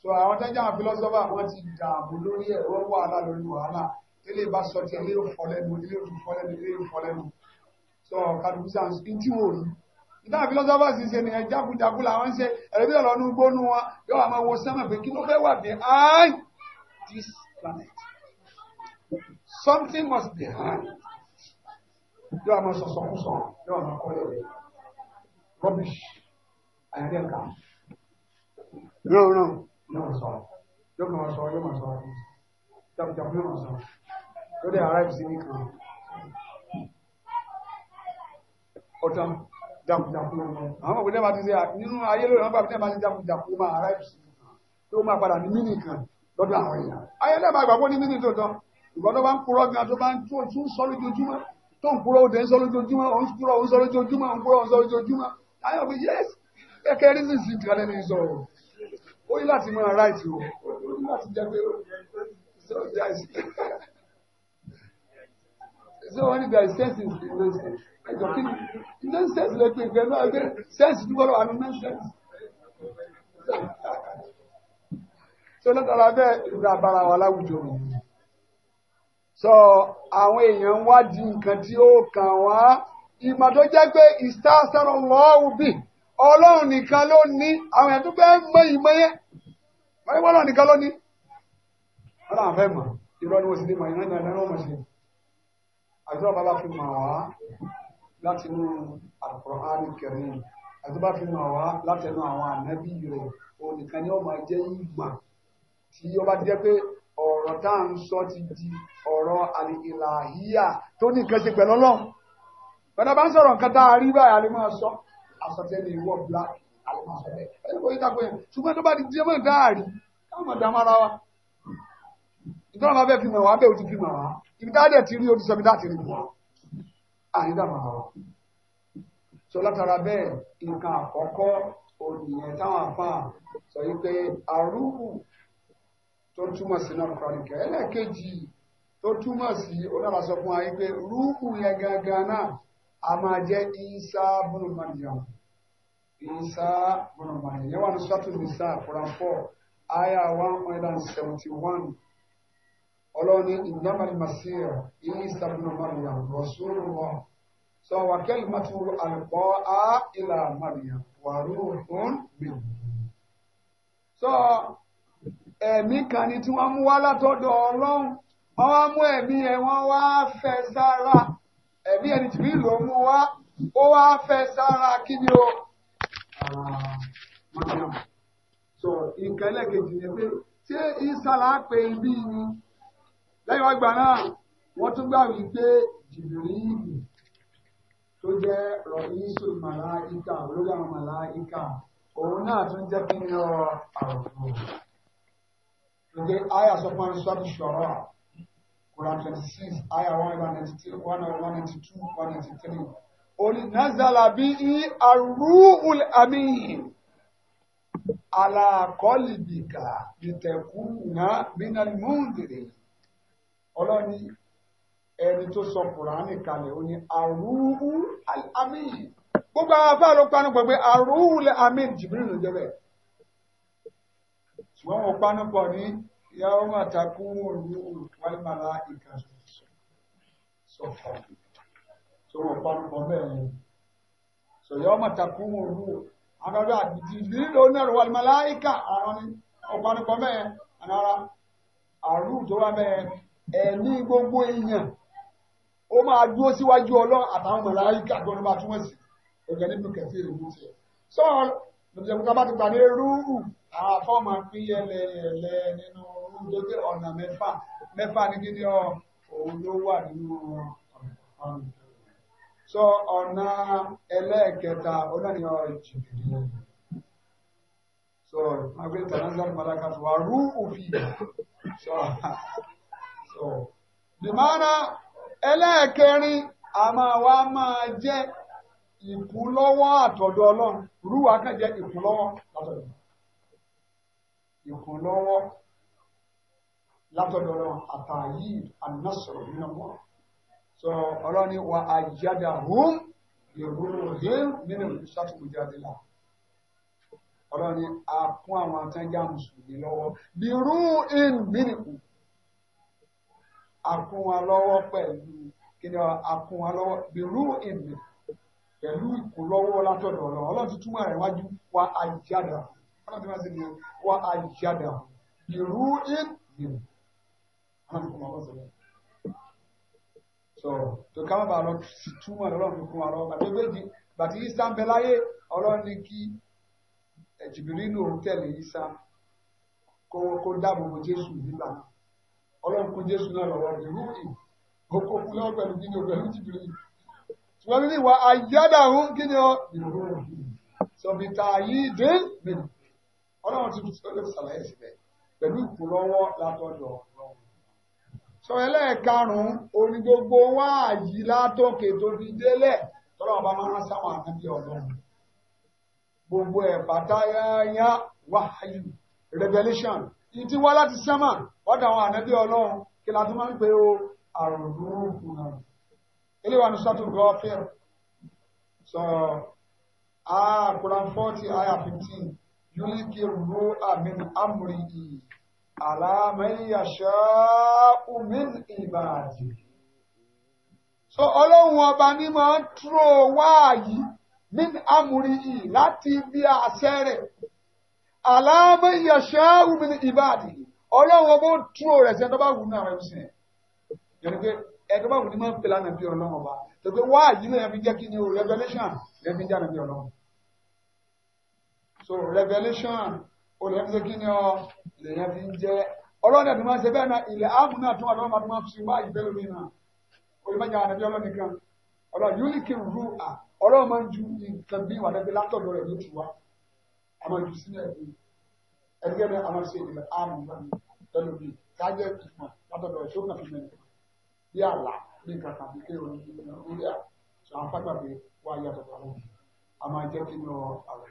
So àwọn tẹ́jà àwọn fílọ́sọ́fà wọ́n ti dààmú lórí ẹ̀ wọ́n wàhálà lórí wàhálà. Ilé ìbá sọ ti ilé ìfọ́lẹ́nu, ilé ìfọ́lẹ́nu, ilé ìfọ́lẹ́nu. Sọ kàdùkú sáà ń tí wò rí ìdáhùn philosophers ṣe ni ẹ̀jákujàku làwọn ṣe ẹ̀rẹ́bí ọ̀rọ̀ ọdún gbónú wọn yóò wà máa wo sẹ́mọ̀ pé kí ló fẹ́ wà behind this planet something must be behind yóò wà máa sọ sọkúsọ yóò wà máa kọ́ ẹ̀rẹ́ rubbish àyàdé ẹ̀ka yóò rán yóò sọ yóò kàn sọ yóò máa sọ jàpùjàpù yóò máa sọ yóò dé arrive sí ní kan jakujaku wọn àwọn ọmọ òkúta ti ṣe nínú ayé lórí wọn bá fi náà máa ń jakujaku máa ara ìṣù tó máa padà ní mínì kan lọ́dọ̀ àwọn èèyàn ayé náà máa gbàgbọ́ ní mínì tó tán ìgbọ́n tó bá ń kúrọ́ gan tó bá ń tún sọ lójoojúmọ́ tó ń kúrọ́ òde ń sọ lójoojúmọ́ òun kúrọ́ òun sọ lójoojúmọ́ òun kúrọ́ òun sọ lójoojúmọ́ ayé òfin yẹs kẹ́kẹ́ rísì sí ti kalẹ́ ní sọ o ó yí láti máa ráìtì o ó yí láti jẹ́ pé ó so wọ́n ní bẹ̀rẹ̀ sẹ́ǹsì ẹ̀jọ̀ kí ni nọ́ńsẹ̀nsì lè pè pẹ̀lú àgbẹ̀ sẹ́ǹsì tó gbọ́dọ̀ wà ní nọ́ńsẹ̀nsì. so látara bẹ́ẹ̀ ìgbà bara wa láwùjọ rẹ̀ sọ àwọn èèyàn ń wádìí nǹkan tí ó kàn wá ìmọ̀ tó jẹ́ pé ìsásọ̀rọ̀ lọ́wọ́ bì ọlọ́run nìkan ló ní àwọn èèyàn tó fẹ́ mọ ìmọ̀ yẹn wọ́n ní wọ́n lọ́run nìkan ló ní. wọ́n náà fẹ́ mọ̀ irọ́ ni wọ́n sì ní mọ̀ ìrìnàjò ìlànà ọmọ ṣe àdúrà bàbá fi mà wá láti inú Al-Qur'ani Karim àdúrà fi mà wá láti ẹnu àwọn ànábì rẹ̀ òun nìkan ni ó máa jẹ́ ìgbà tí ó bá jẹ́ pé ọ̀rọ̀ tá à ń sọ ti di ọ̀rọ̀ àlìkìláhíyà tó ní nǹkan ṣe pẹ̀lú ọlọ́run bẹ́ẹ̀ bá ń sọ̀rọ̀ nǹkan tá a rí báyìí a lè máa sọ àsọtẹ́lẹ̀ ìwọ black a lè máa sọ bẹ́ẹ̀ ẹ̀ ṣùgbọ́n tó bá di díẹ̀ mọ́ ìdáàrí káwọn ọ̀dà mára wa ìtọ́nà máa bẹ́ẹ̀ fi mọ̀ wá bẹ́ẹ̀ ó ti fi mọ̀ wá ibi táwọn dẹ̀ ti rí o ti sọ ibi láti rí mi àyè dàbà ọ̀rọ̀ so látara bẹ́ẹ̀ nǹkan àkọ́kọ́ ònìyàn táwọn afa sọ yìí pé àrùkù tó túmọ̀ sí náà kọ́nìkà ẹlẹ́ẹ̀kejì tó túmọ̀ sí onára sọ fún wa yìí pé rúkù yẹn gangan náà a máa jẹ́ ìsá bùnú mànìyàn ìsá bùnú mànìyàn yẹn wà ní sọ́tù nìsá fúnra fọ́ àyà one hundred and seventy one ọlọ́ni ìnámàlì masir ilé ìsàbùnà mariam rasulullah sọ wà kẹ́lì mọ́tò àlùkọ́ á ìlà mariam wà rúhùn min sọ ẹ̀mí kan ni tí wọ́n mú wá látọ̀dọ̀ ọlọ́run wọ́n mú ẹ̀mí ẹ̀ wọ́n wá fẹ́ sára ẹ̀mí ẹni tí bí ló mú wá ó wá fẹ́ sára kí ni o. sọ ìkẹlẹ̀ kejì ni pé ṣé ìsàlá pé ibi ni lẹ́yìn wá gbà náà wọ́n tún gbà wípé jìbìrìlì tó jẹ́ rọ̀bíṣù màláìkà olórí àwọn màláìkà òun náà tún jẹ́ kí ni ọ àwòrán ìgbé àyà sọ fún arísọ́tù ṣọ̀rọ̀ Quran twenty six àyà one hundred ninety three one hundred ninety two one ninety three olùnazàlà bí i arúhùl àmìyìn àlàkọ́lìbìkà ìtẹ̀kùnà bínálmùndìrì ọlọ́ni ẹni tó sọ kùránì kalẹ̀ ó ní àrùú àmín gbogbo àwọn afá ló panu pọ̀ pé àrùú àmín jìbìrì ló jẹ́ bẹ́ẹ̀ ṣùgbọ́n wọn panu pọ̀ ní yàrá wọn àtàkùn òru wàlúmàlà ìkà sọ̀fọ̀ tó wọn panu pọ̀ bẹ́ẹ̀ ni sọ̀yọ́ wọn àtàkùn òru àwọn ọ̀dọ́ àti jìbìrì ló ní ọ̀rọ̀ wàlúmàlà ìkà àwọn ọ̀pọ̀ panu tó wà bẹ́ẹ̀ ẹ̀mí gbogbo èèyàn ó máa dúró síwájú ọlọ́run àtàwọn mọ̀lá ayíká gbọ́dọ̀ bá túmọ̀ sí ọ̀gá nínú kẹfì rẹ̀ ló ṣe. sọ lọ́sẹ̀ kó bá ti gbà ní rúurú àwọn afọ́mọ pín yẹlẹyẹlẹ nínú oúnjẹ ọ̀nà mẹ́fà mẹ́fà ní kíni ọ òun ló wà nínú ọ̀nà. sọ ọ̀nà ẹlẹ́ẹ̀kẹta ọ̀nà ni ọ̀ jìbìlì sọ agbẹ́ntàn náà sáré malaka fún wa rúurú fi sọ bìmọ́nà ẹlẹ́ẹ̀kẹrin àmọ́ wa máa jẹ́ ìkúlọ́wọ́ àtọ̀dọ̀ ọlọ́run rúwa kàn jẹ́ ìkúlọ́wọ́ látọ̀dọ̀ ìkúlọ́wọ́ látọ̀dọ̀ ọlọ́run àtàyí ànásọ̀rọ̀ nínú wọn sọ ọlọ́run ni wà á yáda hùm ìrúrú hìm nínú ìṣàtúnjáde là ọlọ́run ni a kún àwọn àtẹ́jà mùsùlùmí lọ́wọ́ bí rú in mínìkù akún wa lọ́wọ́ pẹ̀lú kíni akún wa lọ́wọ́ bẹ̀rù ìmì pẹ̀lú ìkólọ́wọ́ látọ̀dọ̀ ọ̀rọ̀ ọlọ́run ti túmọ̀ wájú wa ajada ọlọ́run ti máa ṣe wa ajada bẹ̀rù ìmì ọlọ́run ti kún wa lọ́sọ̀ lọ. sọ tó ká má bàa lọ sí túmọ̀ ọlọ́run ti kún wa lọ́wọ́ bàtí méjì bàtí isa ń bẹ láyé ọlọ́run ní kí eh, jìbìrì ní òun tẹ̀lé kó dáàbò bo jésù nígbà náà ọlọ́run kó jésù náà lọ́wọ́ rẹ̀ rú ì kókó fún lọ́wọ́ pẹ̀lú kí ni o pẹ̀lú jìbìrì ṣùgbọ́n mi ní ìwà àyádàrú kí ni ọ sọ̀bìtà yìí dé mẹ́rin ọlọ́run ti fi ṣàlàyé síbẹ̀ pẹ̀lú ìkúlọ́wọ́ látọ̀dọ̀ ọlọ́run sọ ẹlẹ́ẹ̀karùn-ún orin gbogbo wá àyí látòkè tó fi délẹ̀ tọ́lọ́ ọba máa ń sáwọn àkàndí ọlọ́run gbogbo ẹ̀ bàtà yáyá wáyé revelation ìtí wá láti sẹ́mà ọ̀dà àwọn ànábì ọlọ́run kí la tó máa ń pe o àrùn náà ilé wa ní sọ́tún gọ́ọ̀fẹ́r sọ aa Quran forty aya fifteen yúlí kí ru amin amúri yìí àlàmẹ́yàṣá umin ìbàdí. so ọlọ́run ọba ní máa ń tró wáàyí min amúri yìí láti bí àṣẹ rẹ̀ aláàmẹ́yàṣá wùmí ìbáàdì ọlọ́run ọba ó túrò rẹ̀ sí ẹ̀dọ́bà wù ní àwọn ẹ̀sìn ẹ̀ yẹn pé ẹ̀dọ́bà wù ní máa ń pè lánàá bí ọlọ́run ọba tó pé wá yìí lè o revelation lè fi jẹ́ àná bí so revelation o lè fi jẹ́ kí ni ọ lè yẹn fi jẹ́ ọlọ́run ẹ̀dùn máa ń ṣe bẹ́ẹ̀ náà ilẹ̀ áàmù náà tún ọlọ́run máa tún máa fi wá ìfẹ́ lómi náà olùmọ̀jà àná nìkan ọlọ́run yóò ní kí n rú à ọlọ́run ju nǹkan bí ìwà amadu sílẹ̀ bi ẹgbẹ́ bẹ amadu sílẹ̀ bi àmì lọ́nà lọ́nà bi kájẹ́ ìfọ̀n látọ̀dọ̀ ṣé ó nà fi mẹ́rin bí àlà bí nǹkan tàbí ké o lórí à sọ afágbà bi wà yàtọ̀ tó àwọn a máa jẹ́ kí n lọ àwẹ̀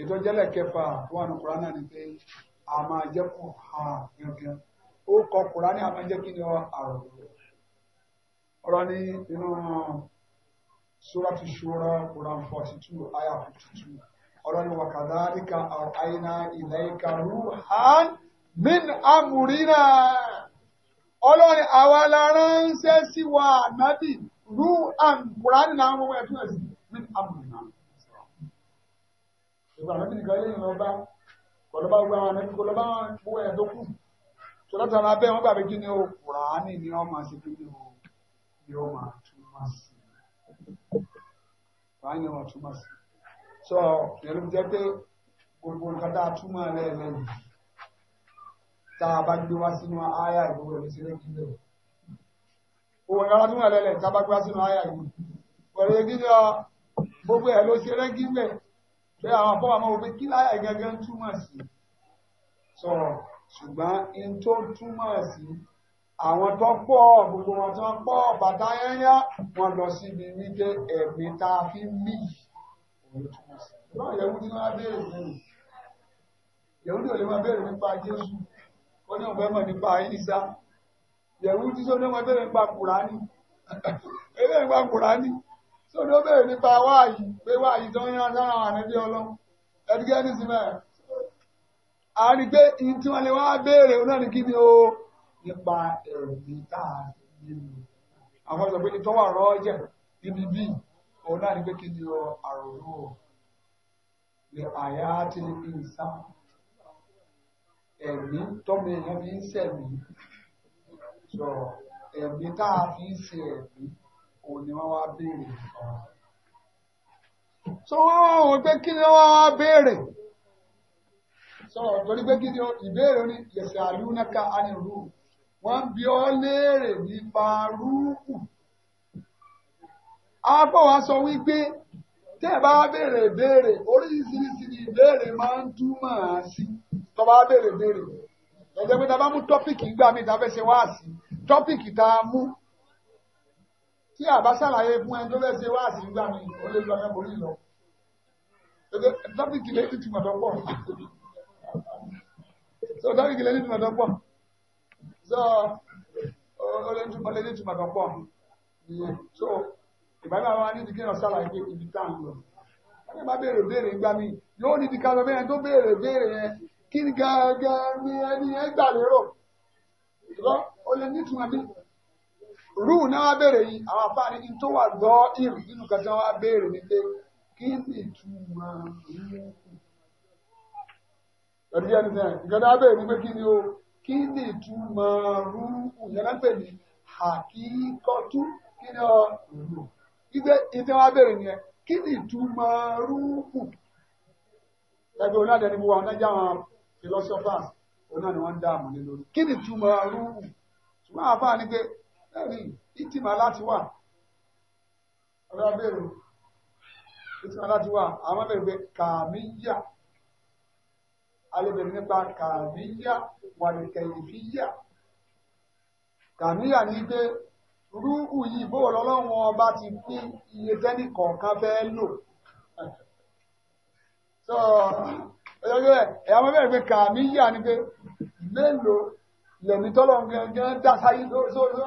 ètò jẹ́lẹ̀ kẹfà wà ní kúránà ni pé a máa jẹ́ kó ha gẹ́gẹ́ ó kọ kúránì a máa jẹ́ kí n lọ àwẹ̀ ọ̀rọ̀ ni inú Suratu Shura Quran forty two ayah fifty two ọ̀rọ̀ oh, ni wàkàdáríkà àìná ilẹ̀ ìkàrú hàn min amúrínà ọlọ́rin àwa la ránṣẹ́ sí wa ànábì rú àǹkùránì náà wọ́n wọ́n ẹ̀tún ẹ̀sìn min amúrínà. ìgbà ànábì nìkan yé ìran ọba kọlọ́ba gbogbo àwọn ànábì kọlọ́ba gbogbo ẹ̀ tó kù tọ́lọ́tà ara bẹ́ẹ̀ wọ́n gbà kí ni o kùránì ni wọ́n máa kí ni o ni wọ́n máa túmọ̀ sí. kùránì so ìyẹn ló fi jẹ́ pé gbogbo nǹkan tá a túmọ̀ lẹ́ẹ̀lẹ́ yìí tá a bá gbé wá sínú àyà ìgbòho ẹ̀mí sílẹ̀ kílẹ̀ òun ìrara túmọ̀ lẹ́ẹ̀lẹ́ tá a bá gbé wá sínú àyà yìí pẹ̀lú kílẹ̀ gbogbo ẹ̀ ló ṣeré kílẹ̀ pé àwọn àbọ̀wọ̀ àmọ́ òfin kílẹ̀ àyà gẹ́gẹ́ ń túmọ̀ sí sọ ṣùgbọ́n in tó túmọ̀ sí àwọn tó pọ̀ gbogbo wọn tó pọ̀ bàtà yẹn yá wọn lọ síbi wípé ẹ̀mí tá a fi mí Báwo Yahudi máa béèrè lẹ́nu? Yahudi ò lè máa béèrè nípa Jésù. Wọ́n ní ọ̀gbẹ́ mọ̀ nípa Ìsá. Yahudi tí sọ́dọ̀ máa béèrè nípa Kùránì. Ebè nípa Kùránì. Sọ́dọ̀ béèrè nípa wáàyí pé wáàyí tó ń yan sára wà níbi ọlọ́run. Ẹ̀dígẹ́ ní sinmẹ́. A rí pé ìyí tí wọ́n lè wá béèrè náà ní kíni o nípa ẹ̀rù ní táà nínú. Àwọn ìsọ̀gbẹ́ni tó wà rọ́ọ̀jẹ̀ níbi bíi òun náà ní pé kí ni àròrò lè àyà tí ní bí nsá ẹ̀mí tọ́mọ èèyàn fi ń sẹ̀mí sọ ẹ̀mí tá a fi ń ṣe ẹ̀mí òun ni wọ́n wá béèrè nǹkan. sọ wọ́n wá wọ́n pé kí ni wọ́n wá béèrè sọ̀rọ̀ torí pé kí ni ìbéèrè ní yẹ̀sẹ̀ àlùnáka anìrú wọ́n bí ọ léèrè nípa rúùkù àpọ̀ wa sọ wípé tẹ́ ẹ bá béèrè béèrè oríṣiríṣi ni ìbéèrè máa ń túmọ̀ sí tọ́ bá béèrè béèrè lọ́jọ́ pé tá a bá mú tọ́pìkì gbà mí tá a fẹ́ ṣe wá sí tọ́pìkì tá a mú tí àbá ṣàlàyé fún ẹni tó fẹ́ ṣe wá sí gbà mí ó lè lọ ẹ̀mọ́ orí tọ́pìkì lè ní ìtumọ̀ tó pọ̀ tọ́pìkì lè ní ìtumọ̀ tó pọ̀ ó lè ní ìtumọ̀ tó pọ̀ so ìgbàgbọ́ àwọn anídìí kí wọ́n sàlàyé pé ibi tá à ń lọ wọ́n lè má béèrè béèrè ìgbà mi yóò níbi ká lọ bẹ́ẹ̀ tó béèrè béèrè yẹn kí ni gángan ni ẹni yẹn gbà lérò ṣùgbọ́n o lè nítumọ̀ mi rúù náà wá béèrè yìí àwọn afáàní ní tó wà gbọ́ ìrù nínú kan tí wọ́n wá béèrè ní pé kí ni ìtumọ̀ rúù ẹ̀rí ẹni náà ìjọba béèrè ní pé kí ni o kí ni ìtumọ̀ rúù yẹn náà pè ní àkíkọ́tú kí ni ọ rúù ìgbẹ́ ìtẹ́ wa bèrè nìyẹn kí ni ìtumọ̀ rúùkù ẹgbẹ́ onáàdẹni bu wa onájà wọn philosophers onáà ni wọ́n ń dààmú lé lórí kí ni ìtumọ̀ rúùkù ṣùgbọ́n àbá ni pé ẹ̀rí ìtìmọ̀ láti wà ọ̀rọ̀ abẹ́rù ìtìmọ̀ láti wà àwọn bẹ̀rẹ̀ pé kàmíyà alẹ́bẹ̀rẹ̀ nípa kàmíyà wàlùkẹ̀yìfíyà kàmíyà ni pé rúhù yìí bó lọ́lọ́wọ́n ọba ti fi iye tẹ́nì kọ̀ọ̀kan fẹ́ lò so ọjọ́ ẹ̀yà máa bẹ̀rẹ̀ pé kàmí yà ni pé mélòó lèmi tọ́lọ̀ gángan dá sáyé lóòótọ́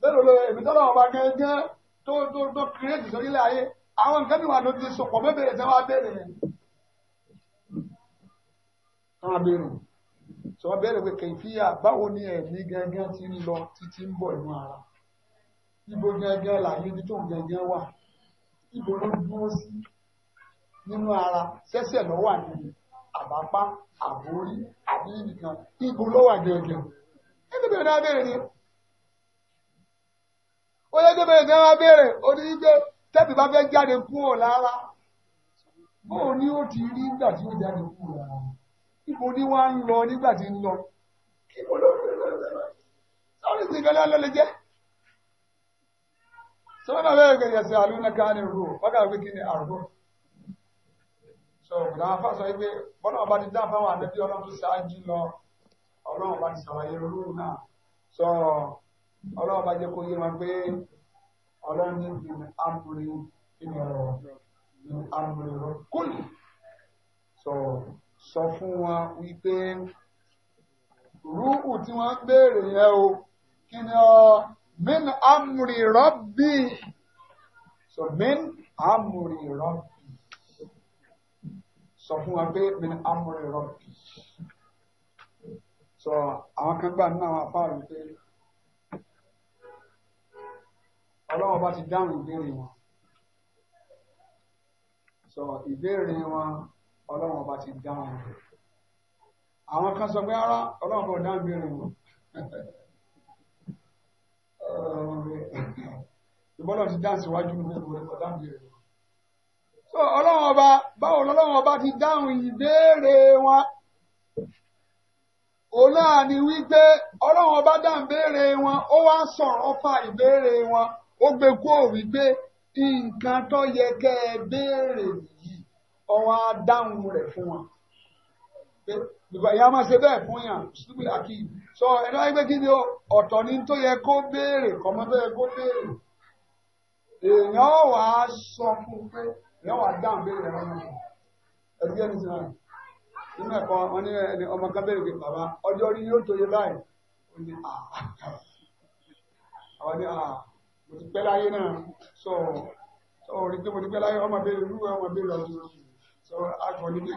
mélòó lèmi tọ́lọ̀ ọba gángan tó tó tó kírètì sórílẹ̀ ayé àwọn nǹkan mi wà ló ti sopọ̀ mẹ́bẹ̀rẹ̀ sẹ́wọ́n abẹ́rẹ̀ yẹn tí wọ́n bẹ̀rẹ̀ pé kẹfíà báwo ni ẹ̀mí gángan ti ń lọ títí ń bọ̀ inú ara ibo gángan làyé ibi tó ń gángan wà ibo ló dúró sí nínú ara sẹ́sẹ̀ ló wà ní àbápá àbórí àbí nìkan ibo ló wà gángan ẹni bẹ̀rẹ̀ náà bẹ̀rẹ̀ ni ó yẹ kébèrè ní ara bẹ̀rẹ̀ ó ní gbé tẹ́bí bá fẹ́ jáde kúrò lára bóun ni ó ti rí nígbà tí ó jáde kúrò lára ibo ni wọ́n á ń lọ nígbà tí ń lọ ibo ló ń lọ sọ́ọ́nì sì kẹ́lẹ́ ọlọ́lẹ̀ jẹ́ sọ́ọ́nà bẹ́ẹ̀ kẹ́lẹ́ ẹ̀sẹ̀ àlùnàkà ni rò bákà pé kí ni àrùbọ̀ sọ ọ̀gbọ̀n afa sọ pé bọ́lá ọba ti dáhùn fáwọn àdẹ́bí ọlọ́run tó ṣáájú lọ ọlọ́run ọba ti ṣàlàyé rúrú náà sọ ọlọ́run ọba jẹ́ kó yé wọn pé ọlọ́run ní ìgbìmọ̀ amúre kí ni ọ̀rọ̀ amúre rọ kúlì sọ sọ fún wọn wípé rúùkù tí wọ́n ń béèrè yẹn o kí ni ọ min amri rabbi so min amuri rabbi sọ fún wọn pé min amri rabbi so àwọn kan gbà nínú àwọn afáàlú pé ọlọ́wọ́ bá ti dáhùn ìbéèrè wọn so ìbéèrè wọn ọlọ́run ọba ti dáhùn àwọn kan sọ pé ara ọlọ́run ọba ò dáhùn béèrè wọn ìbọ́lọ̀ ti dáhùn síwájú ọlọ́run béèrè wọn. so ọlọ́run ọba báwo lọ́lọ́run ọba ti dáhùn ìbéèrè wọn òun náà ni wípé ọlọ́run ọba dáhùn béèrè wọn ó wá sọ̀rọ̀ fa ìbéèrè wọn ó gbé kúrò wípé nǹkan tó yẹ kẹ́ ẹ béèrè ni ọwọ́ á dáhùn rẹ̀ fún wọn. ìyá máa ṣe bẹ́ẹ̀ fún yàn ṣùgbọ́n àkì sọ ẹ̀dá ẹgbẹ́ kí ni ọ̀tọ̀ ni tó yẹ kó béèrè kọ́mọ tó yẹ kó béèrè èèyàn wà á sọ fún pé èèyàn wà á dáhùn béèrè rẹ̀ wọn ẹ̀dúgbẹ́ ẹni tí wọ́n nínú ẹ̀kọ́ wọn ní ọmọ kan béèrè pé bàbá ọjọ́ orí yóò tó yẹ báyìí ó ní àwọn ní mo ti pẹ́ láyé náà sọ ọ́ rí pé mo ti pẹ́ láyé ọmọ béèrè olúwa ọmọ béèrè ọdún so àgbọn ní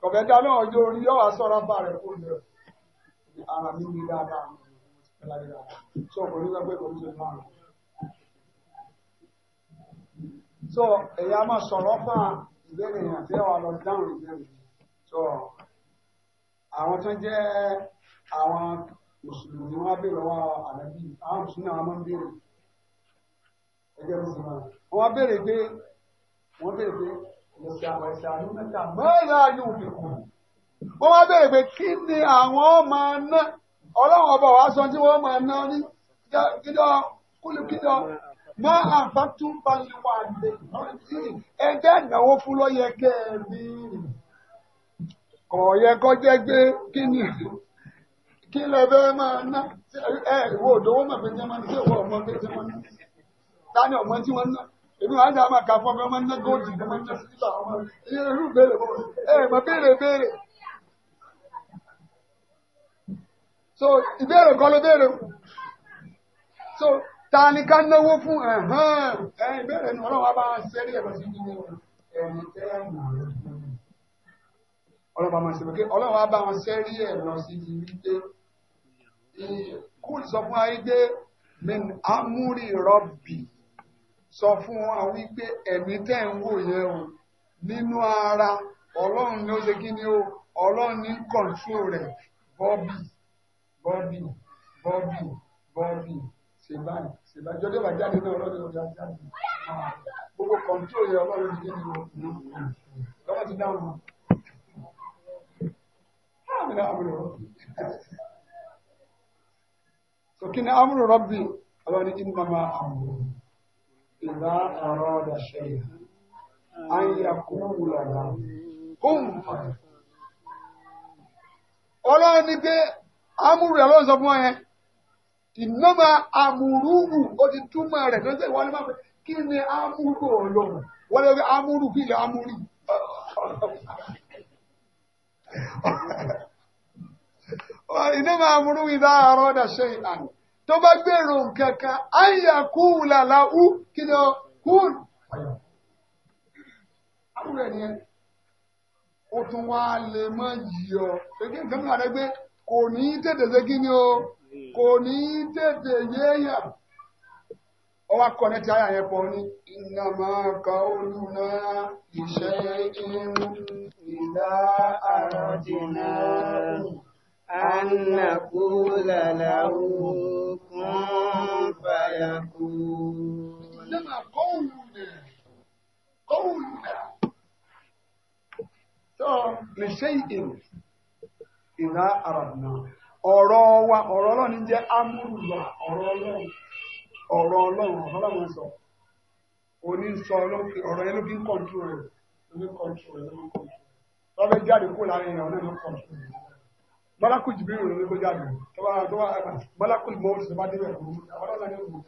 kọ̀fẹ́ dáná ọjọ́ orí yóò wá sọ́ra bá rẹ̀ fún mi ara mi ní dáadáa so kò ní sọ pé kò ní sọ máa rẹ̀. so ẹ̀yà máa sọ̀rọ̀ fún ìbéèrè yẹn àti ẹ̀wà lọ dáhùn ìbéèrè so àwọn tó jẹ́ àwọn mùsùlùmí wọn béèrè wọn àlẹ́bí àwọn mùsùlùmí àwọn máa ń béèrè ẹgbẹ́ mùsùlùmí wọn béèrè pé wọn béèrè pé mẹ́ta yóò fi kù. wọ́n wá bẹ̀rẹ̀ pé kí ni àwọn máa ná ọlọ́run ọba wàá sọ tí wọ́n máa ná ní kíjọ kúlùkíjọ máa àfàtún balùwà lè rántí ẹgbẹ́ ìnáwó fún lọ́yẹ kẹ́ẹ̀mí. ọ̀yẹ kọjá gbé kí ni kí lè fẹ́ máa ná ẹ̀ ìwọ òdòwó mọ̀ pé jẹ́ máa ń ṣe ìwọ ọmọ pé jẹ́ máa ná. dání ọmọ tí wọ́n ná inú àjà máa kà fún ọmọ ọmọ ní góòdì ní ọmọ irú béèrè ẹ mọ béèrè béèrè so ìbéèrè kan ló béèrè so ta ni ká náwó fún ẹ ẹ ìbéèrè ni ọlọ́wọ́ bá sẹ́rí ẹ̀rọ sí ní ẹ̀yìn tẹ́ ọlọ́wọ́ máa sẹ́rí ọlọ́wọ́ bá wọn sẹ́rí ẹ̀rọ sí ní wípé kúlù sọ fún ayé dé min amúrí rọ́bì sọ fún wa wípé ẹ̀mí tẹ́ ń wò yẹn o nínú ara ọlọ́run ni ó ṣe kí ni o ọlọ́run ní kọ̀ǹtró rẹ̀ bọ́bì bọ́bì bọ́bì bọ́bì ṣèbáyì ṣèbáyì jọjọ́ bá jáde náà ọlọ́run ló jáde jáde gbogbo kọ̀ǹtró yẹn ọlọ́run ní kí ni o lọ́wọ́ ti dáhùn mọ́. so kí ni amúlò rọ́bì ọlọ́run ní kí ni màmá àmúlò ìlà ọ̀rọ̀ ọ̀dà ṣẹ̀yà àyà kúrú lọ́la kóhùn fà. ọlọ́run ní pé amúrú rẹ̀ ló ń sọ fún ọ yẹn ìnáma amúrúhù ó ti túmọ̀ rẹ̀ tó ń sẹ́yìn wọlé máa fẹ́ kí ni amúrú ọlọ́run wọlé wí amúrú kí ni amúrú. ìnáma amúrú a ọ̀rọ̀ ọ̀dà ṣẹ̀yà tó bá gbèrò nǹkan kan àyà kúù làlá ú kí ni ọ kúù àbúrò ẹ̀ nìyẹn ó tún wá lè mọ yìí ọ ṣèké nǹkan mìíràn rẹ gbé kò ní í tètè ṣe ni o kò ní í tètè yéèyàn ọwọ́ akọ̀nẹ́tì àyà yẹn pọ̀ ní ìnàmà kàólùnà ìṣẹ́ ìlú ìlà àrọ̀dìnà. أن نقول له كن فيكون قولنا قولنا لشيء إذا أردنا sọ òní malakul jibiru ló ló jáde malakul mọ́wọ́ ti sọ bá débẹ̀ kú àwọn ọ̀la ni ó wù.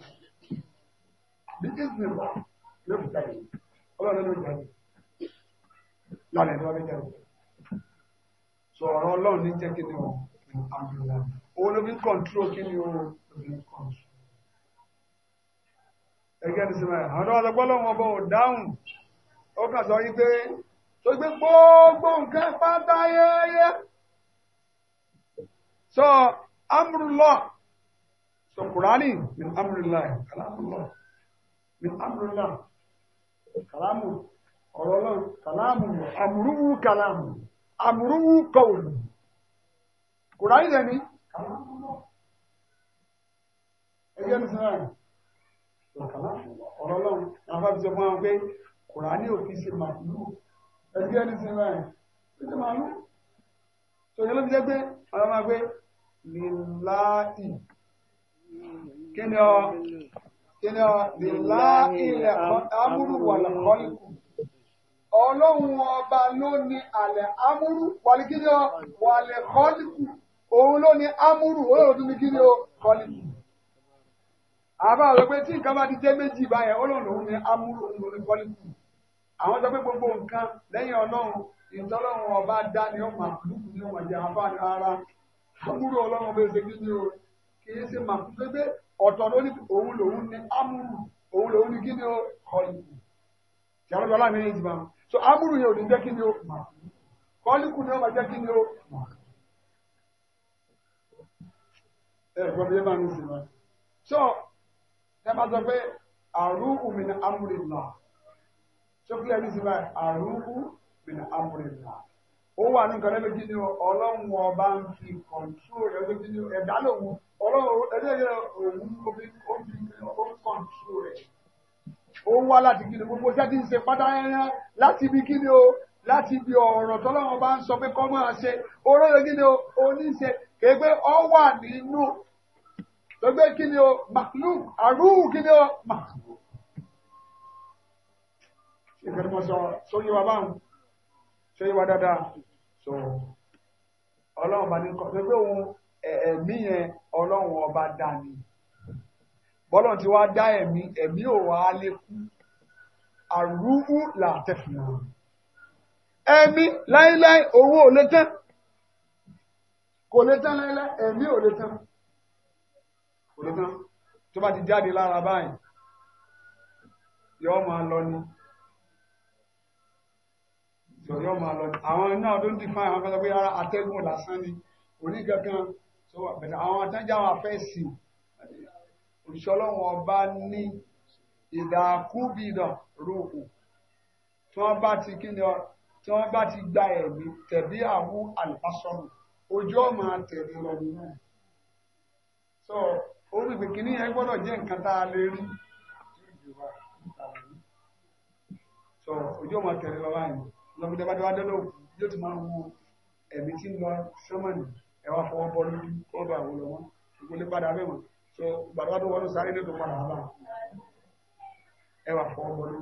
bí disney wà ló fi jáde ọlọ́run ló jáde lálẹ́ ló wà jáde. sọ̀rọ̀ ọlọ́run ní jẹ́ kí ni ọ̀ àbúrò òun ló fi ń kọ̀ntró kí ni ó fi ń kọ̀ntró. ẹgbẹ́ ti sinmi àwọn ọlọ́gbọ́n lọ́wọ́ ọba ò dáhùn ó kà sọ yí pé tó gbé gbogbo nǹkan pátá yẹ́yẹ́ so amrullah so Qur'ani min amrullah kalamullah min amrullah kalamu ọ̀rọ̀ ọlọ́run kalamu amúrúwú kalamu amúrúwú kọ̀ọ̀lù Qur'ani lẹ́ni ẹgbẹ́ ní sinmi rẹ̀ ọ̀rọ̀ ọlọ́run nàfà fi sọ fún wọn pé Qur'ani òfin ṣe màlúù ẹgbẹ́ ní sinmi rẹ̀ ṣe màlúù tó yẹ ló fi jẹ́ pé ọ̀rọ̀ máa gbé líláì kí ni ọ kí ni ọ líláì ilẹ̀ amúrú wà lọ́kọ́lìkù ọlọ́run ọba ló ní àlẹ̀ amúrú wàlí kí ni ọ wàlẹ̀ kọ́lìkù òun ló ní amúrú olóòrùn tún ní kí ni ọ kọ́lìkù àbá rẹ pé tí nǹkan bá ti jẹ́ méjì báyẹn olóòrùn òun ní amúrú òun ní kọ́lìkù àwọn sọ pé gbogbo nǹkan lẹ́yìn ọlọ́run ìtọ́lọ́run ọba dá ni ó máa lùkù ní ọmọdé àbá ara amúrú ọlọ́run bẹ́ẹ̀ ṣe kí ni o kì í ṣe màá tó gbé ọ̀tọ̀ lórí òun lòun ni amúrú òun lòun ni kí ni o kọlìkù tí a lọ́dọ̀ aláàmì ní ìjìbá so amúrú yẹn ò ní jẹ́ kí ni o kọlìkù ni ó máa jẹ́ kí o ẹ̀rọ bí ẹ máa ń sìn wá so ẹ máa sọ pé àrùkù mi amúrú ìlà so kí ẹ ní sìn wá àrùkù mi amúrú ìlà ó wà ní nǹkan lẹ́gbẹ̀ẹ́ nínú ọlọ́run ọba ń fi kọ̀ǹtúrò ẹgbẹ́ nínú ẹ̀dá lòun ọlọ́run ẹgbẹ́ òun ó fi kọ̀ǹtúrò rẹ̀ ó ń wá láti kí ni gbogbo ṣẹ́ ti ń ṣe pátá ẹran láti ibi kí ni o láti ibi ọ̀rọ̀ tọ́lọ́run bá ń sọ pé kọ́ máa ṣe olóyè kí ni o oníṣe kéègbé ọ wà nínú gbogbo kí ni o màlúù àrùn kí ni o màlúù. ìgbẹ́ni mo sọ sóyè wa báwọn sóyè wa dáadáa so ọlọ́run ọba ní kọ́ pé òun ẹ̀mí yẹn ọlọ́run ọba dá ni bọ́lọ̀ tí wàá dá ẹ̀mí ẹ̀mí ò wá lè kú àrùwù làtẹ̀fìmọ̀ ẹ̀mí láíláí owó ò lè tán kò lè tán láíláí ẹ̀mí ò lè tán kò lè tán tó bá ti jáde lára báyìí yọ máa lọ ni so yóò máa lọ àwọn náà ló ń dìfá àwọn fẹsẹ̀ pé ara atẹ́gùn lásán ni onígangan so bẹ̀rẹ̀ àwọn atẹ́jà wà fẹ́ sí òṣìṣọ́lọ́wọ́n ọba ní ìdàkúbìdàn rògbò tí wọ́n bá ti kí ni ọ tí wọ́n bá ti gba ẹ̀mí tẹ̀bí àwú àlùfáṣọ́nù ojú ọmọ àtẹ̀lé lọ nínú ẹ̀. so orí ìpèkínní yẹn gbọ́dọ̀ jẹ́ nǹkan tá a lè rí so ojú ọmọ àtẹ̀lé lọ báyìí lọ́gbọ́dé bá dáwà dọ́lọ́ yóò ti máa wo ẹ̀mí tí ń lọ sọ́mọ̀nì ẹ̀wà fọwọ́ bọ́ọ̀lù kọ́ọ̀bù àwọn ọlọ́mọ gbogbo lè padà bẹ́ẹ̀ mọ̀ so gbàdúrà tó wọ́n sáré ní tó padà wà ẹ̀wà fọwọ́ bọ́ọ̀lù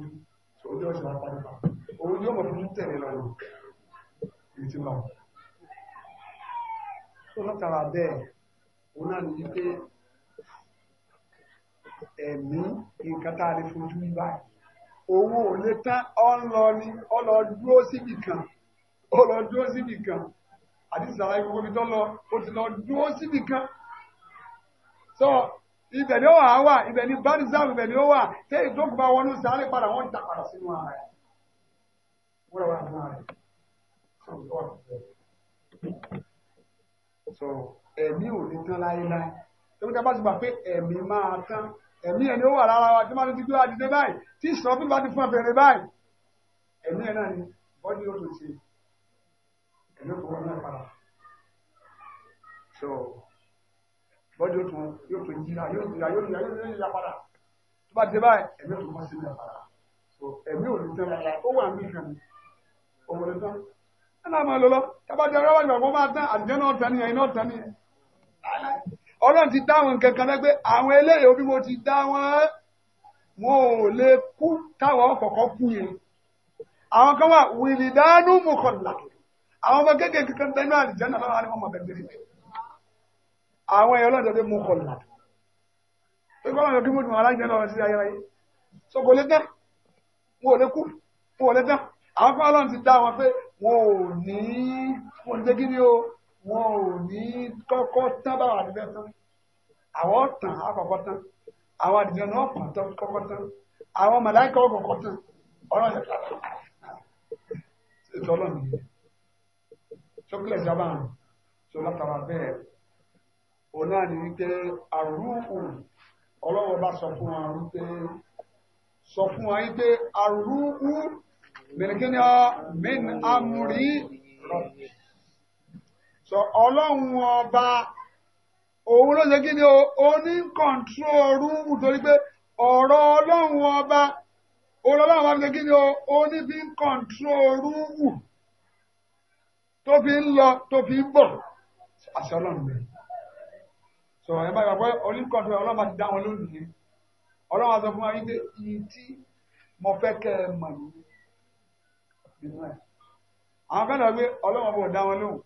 so ojú ọ̀sán apárí pa òun yóò mọ̀ fún tẹ̀lé lọ́nà èyí ti lọ. tó látara bẹ́ẹ̀ òun náà ní pé ẹ̀mí nǹkan tá a lè fojú báyìí òun ò lè tán ọ̀nlọ ni ọ̀nlọ dúró síbì kan ọ̀nlọ dúró síbì kan àdìsí àwọn gbogbo ibi tó lọ ó ti lọ dúró síbì kan so ibẹ̀ ni ó wà á wà ibẹ̀ ni barisamu ibẹ̀ ni ó wà ṣé ìdókòwò bá wọnú sáré padà wọ́n ta padà sínú ara rẹ̀ wọ́n lọ wà fún ara rẹ̀ so ẹ̀mí ò ní tán láéláé tó ń dábàá ti gbà pé ẹ̀mí máa tán ẹ̀mí ẹ̀ ni ó wà lára wa tí wọ́n ti gbé wa dìde báyìí tí ìsọ̀rọ̀ pípa ti fún abẹ̀rẹ̀ báyìí ẹ̀mí ẹ̀ náà ni bọ́dí ó lò sí ẹ̀mí kò wọ́n náà padà so bọ́dí ó tún yóò tún yíra yóò yíra yóò yíra yóò yíra padà tó bá dé báyìí ẹ̀mí ò tún bọ́ sí ilẹ̀ padà so ẹ̀mí ò ní tẹ́ wọn ó wà ní ìkànnì òwò lè tán ẹ̀ náà máa lọ lọ tábàdé ọ̀rọ̀ wà ní ọ̀gbọ́n máa tán àdìjẹ́ náà tán ni ẹ̀yin náà tán ni ẹ̀ ọlọ́run ti dáwọn nǹkan kan náà pé àwọn eléyìí omi mo ti dá wọn wọn ò lè kú táwọn kọ̀ọ̀kan kú yẹn àwọn kan wà wìlì dánú mú kọ̀ọ̀lá àwọn ọmọ kéékèèké kan tẹnu àlìjẹ́ náà lọ́wọ́ àwọn ọmọ bẹ̀rẹ̀ bẹ̀rẹ̀ àwọn ẹ̀yọ́ lọ́dọ̀dẹ̀ mú kọ̀ọ̀lá pé kọ́lá lọ kí mo dùn aláìjẹ́ náà sí ayẹyẹ so kò lè dán wọn ò lè wọn ò lè wọn ò ní kọ́kọ́ tán báwa àdìjẹ́ tán àwọn tàn àkọ́kọ́ tán àwọn àdìjẹ́ náà kàn tán kọ́kọ́ tán àwọn màláìkà ọ̀kọ̀ọ̀kọ̀ tán ọ̀rọ̀ yẹn kàkà ètò ọlọ́run yìí chocolate sábà tó látara bẹ́ẹ̀ òun náà ní wípé àrùkù ọlọ́wọ́ bá sọ fún wa wípé sọ fún wa wípé àrùkù mẹ̀lẹ́kẹ́ni ọ́ mẹ́ni amúrí rọ̀bì sọ ọlọ́run ọba òun ló ṣe kí ni ó ní kọ̀ǹtró rúùmù torí pé ọ̀rọ̀ ọlọ́run ọba òun ọlọ́run ọba ṣe kí ni ó ní fi ń kọ̀ǹtró rúùmù tó fi ń lọ tó fi ń bọ̀ àṣẹ ọlọ́run rẹ̀ sọ ẹ bá gbàgbọ́ oníkọ̀ǹtró ọlọ́run bá ti dá wọn lónìí ọlọ́run àti ọkùnrin ayé dé iye tí mo fẹ́ kẹ́ ẹ mọ̀ nínú ẹ̀ àwọn fẹ́ràn gbé ọlọ́run ọba ò dá wọn lóhùn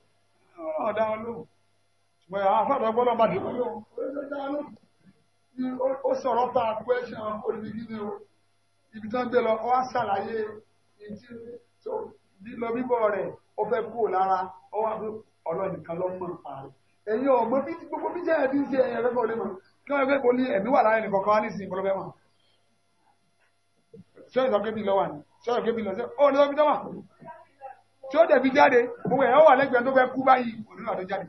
ọ̀rọ̀ dáa lóhùn ṣùgbọ́n àwọn afọ́dọ̀ gbọ́dọ̀ bá dùn lóhùn ọ̀rọ̀ dáa lóhùn ó sọ̀rọ̀ bá a pẹ́ ṣe àwọn olùdíjí ni o ibi tán gbé lọ wá ṣàlàyé ìdí tó lílọ bíbọ̀ rẹ̀ ó fẹ́ kú lára ó wà fún ọlọ́nìkan ló mọ̀ pa rẹ̀ ẹ̀yin ọ̀gbọ́n bí gbogbo bí jẹ́ ẹ̀dín ṣe ẹ̀yẹ fẹ́ fọ́lé mọ̀ kí wọ́n fẹ́ kó ní ẹ̀mí wà lára ẹnìkan kan wá nísìnyí ìbọ̀lọ́fẹ́ mọ̀ ṣé ìsọ̀kébì lọ wà ní ṣé ìsọ̀kébì lọ sí ó ní ọ tí ó dẹ̀bi jáde gbogbo ẹ̀yọ́ wà lẹ́gbẹ̀ẹ́ tó fẹ́ kú báyìí kò nínú àdó jáde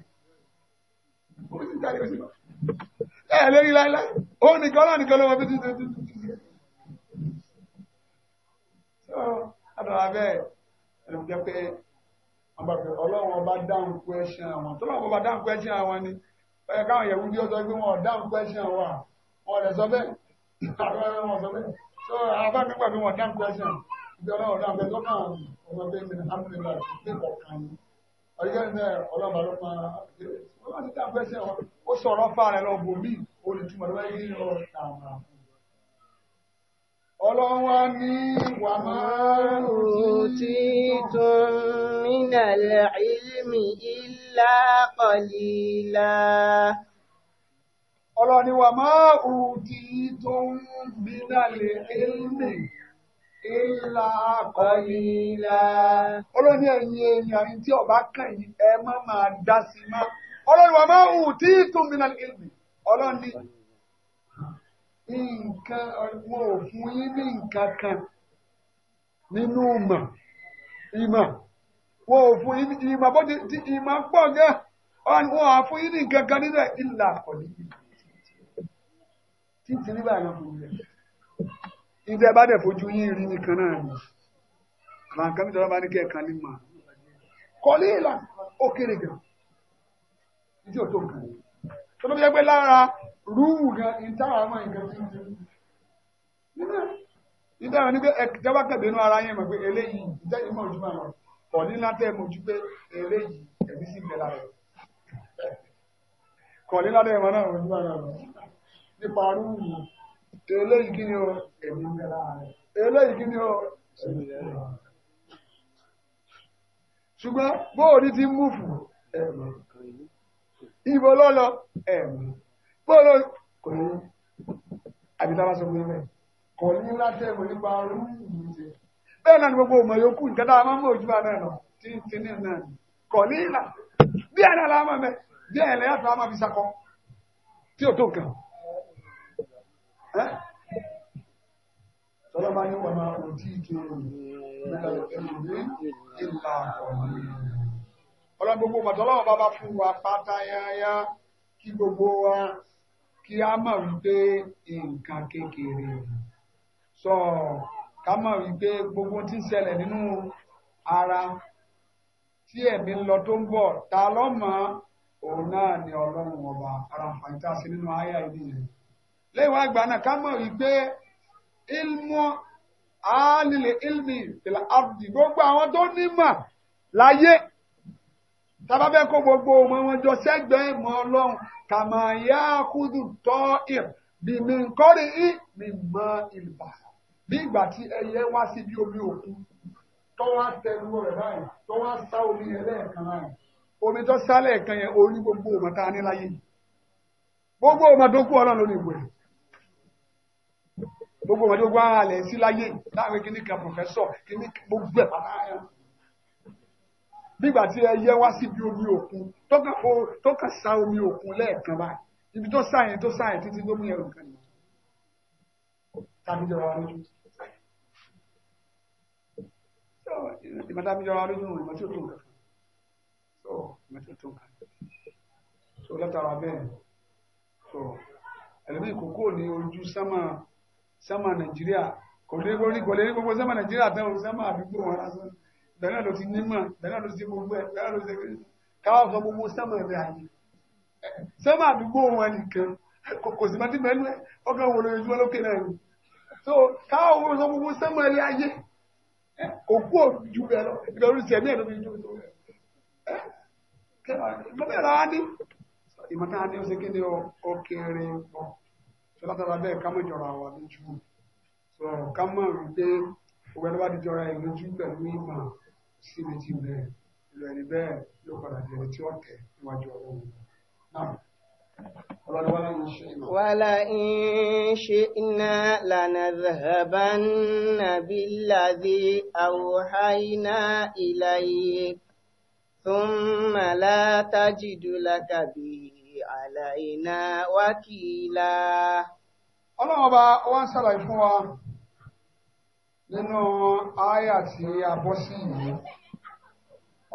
ó sì jáde ó sì lọ ẹ ẹ lérí láíláí ó nìkan náà nìkan ló wọ bí tuntun tuntun tuntun so àdàlà bẹ́ẹ̀ ẹ̀rọ jẹ́ pé ọlọ́run ọba dáhùn question àwọn tó lọ́wọ́ ọba dáhùn question àwọn ni ẹ káwọn yẹ̀wù bí ó sọ pé wọn dáhùn question wa wọn lè sọ bẹ́ẹ̀ àwọn ẹ̀rọ wọn sọ bẹ́ẹ̀ so àbá mi gbà pé wọn dáhùn question ìjọba ọ̀dọ́ àbẹ tó náà ọmọ bẹ́ẹ̀ mi ní hàmìlélà sọ̀rọ̀ fà lọ bò mí olùtumọ̀ ló bá yí tààmà. ọlọ́wọ́ ní wà máa ń tí mínàlẹ̀ ìlmi ìlà kọ̀lìlà. ọlọ́ni wà máa ń tí tó mínàlẹ̀ ìlmi. Ìlà kọ̀yìnlá. Olóní ẹ̀yin èèyàn yìí tí ọba kàn yín ẹ má máa dá sí má. Ọlọ́run wa máa hù tí ìtumìnà ìlú. Ọlọ́ni nǹkan wọn ò fún yín ní nǹkan kan nínú ìmọ̀ ìmọ̀ wọn ò fún yín ní ìmọ̀ bó ti ìmọ̀ pọ̀ gẹ́ wọn ò yín ní nǹkan kan nínú ìlà kọ̀yìnlá. Títí nígbà yẹn fún yín ibi ẹ bá dẹ̀ fojú yín rí nìkan náà ni àwọn nǹkan mi tọ́lá bá ní kí ẹ kan ní mà kọ́lé ìlà ó kéré gan ìdí ò tó nǹkan tó tó fi jẹ́ pé lára rúù gan ìtara ọmọ nǹkan tó ń jẹ ìdára ní pé ẹ̀jọba kẹ̀bẹ̀ inú ara yẹn mọ̀ pé eléyìí ìjẹ́ ìmọ̀ ojú lọ kọ̀ ní látẹ̀ mojú pé eléyìí ẹ̀mí sì bẹ̀ lára kọ̀ ní látẹ̀ ìmọ̀ náà ojú lọ nípa arúgbó eléyìí kí ni o èmi eléyìí kí ni o ṣùgbọ́n bóòdì ti mú fún ẹ̀mí ibo ló lọ ẹ̀mí bóòdì kò ní àbítábá sọ pé kò ní láti ẹ̀kọ́ nípa ọdún yìí ṣe bẹ́ẹ̀ náà ni gbogbo ọmọ yòókù nǹkan tá a máa ń mú ojúbà náà lọ tí ń tin ní náà kò ní ìlà bí ẹ̀ náà la máa mẹ bí ẹ̀ lẹ́yìn àti máa fi sakọ tí ò tó nǹkan. Tọ́lọ́bá ní wọ́n máa òtí ìtò Ọlọ́run gbogbo mọ̀tọ́lọ́wọ́ bá bá fún wa pátá kí gbogbo wa kí a mọ̀ wípé nǹkan kékeré. Sọ ká mọ̀ gbogbo ń ṣẹlẹ̀ ara tí ẹ̀mí ń lọ tó ta lọ́mọ òun náà ni Ọlọ́run ọba tá a ṣe lẹ́yìn wá gbà náà ká mọ̀ wípé ilmu alìlẹ̀ ilmi ìlà abdi gbogbo àwọn tó nímọ̀ láyé tábà bẹ́ẹ̀ kó gbogbo ọmọ wọn jọ sẹ́gbẹ̀ẹ́ mọ́ ọlọ́run kàmá yá kúdù tọ́ ìr bí mi ń kọ́rin í mi mọ ìlbà bí ìgbà tí ẹyẹ wá sí bí omi òkun tó wá tẹnu rẹ̀ báyìí tó wá sá omi yẹn lẹ́ẹ̀kan báyìí omi tó sá lẹ́ẹ̀kan yẹn orí gbogbo ọmọ tá a ní láyé gbogbo ọmọ tó kú ọlọ́run ló ní ìwé rẹ̀ gbogbo wọn tó gbọ́ àlẹ́ sí láyé láàrin kíní kan pòfẹ́sọ̀ kíní gbogbo ẹ̀ pátá ẹ̀ nígbà tí ẹ yẹ wá síbi omi òkun tó kàn sa omi òkun lẹ́ẹ̀kan báyìí ibi tó sáyẹn tó sáyẹn títí tó mú yẹn nǹkan ni tàbí jọra lójú ìmọ̀ tàbí jọra lójú ìmọ̀ tí ó tó nǹkan so ìmọ̀ tí ó tó nǹkan so látara bẹ́ẹ̀ so ẹlòmíì kókó ní ojú sámà sẹ́mà nàìjíríà kò lè rí kò lè rí gbogbo sẹ́mà nàìjíríà tẹ́ o sẹ́mà àdúgbò wọn lásán bẹ́ẹ̀ náà ló ti nímọ̀ bẹ́ẹ̀ náà ló ti gbogbo ẹ̀ bẹ́ẹ̀ náà ló ti káwá sọ gbogbo sẹ́mà rẹ̀ àyè sẹ́mà àdúgbò wọn nìkan kò sì mẹ́tí mẹ́nu ẹ̀ ọkàn wò lóye jùlọ náà ni so káwá wọ́n sọ gbogbo sẹ́mà rẹ̀ àyè kò kú òjú bẹ́ẹ̀ lọ ìbẹ̀rù látara bẹ́ẹ̀ ká mọ̀ jọra wa lójú sọ̀rọ̀ ká mọ̀ wípé òwe ló bá ti jọra ẹ̀ lójú pẹ̀lú ìmọ̀ sí méjì bẹ́ẹ̀ ìlú ẹni bẹ́ẹ̀ yóò padà di ẹni tí ó tẹ̀ níwájú ọlọ́run náà. ولئن شئنا لنذهبن بالذي أوحينا إليك ثم لا تجد لك به علينا وكيلا ọlọ́run ọba wa ń ṣàlàyé fún wa nínú àyà tí a bọ́ sí yìí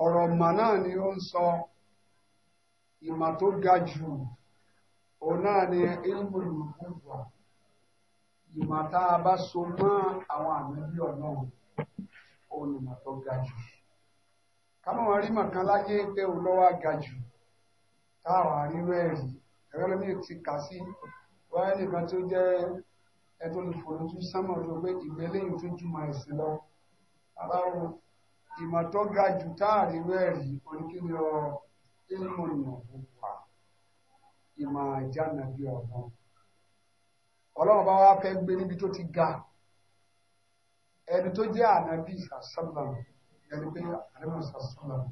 ọ̀rọ̀ ọ̀mà náà ni ó ń sọ ìmà tó ga jù òun náà ni ilmul nubuwa ìmà tá a bá so mọ́ àwọn àmì bí ọlọ́run òun ìmà tó ga jù káwọn rí màkàn láyé pé òun lọ́wọ́ ga jù káwọn àríwá ẹ̀rí ẹ̀rọ lómi ti kà sí wáyé nìkan tó jẹ́ ẹtọ́ olùfòlójú sámọ̀ tó pé ìgbéléyìn tó jùmọ̀ ẹ̀sìn lọ aláwọ̀ ìmọ̀ tó ga jù táàríwá ẹ̀rí oníkíni ọ ìmọ̀ ìmọ̀ òkpa ìmọ̀ àjànà bí ọ̀gbọ́n ọlọ́run bá wá fẹ́ gbé níbi tó ti ga ẹni tó jẹ́ ànábì sàṣàlám ẹni pé ànábì sàṣàlám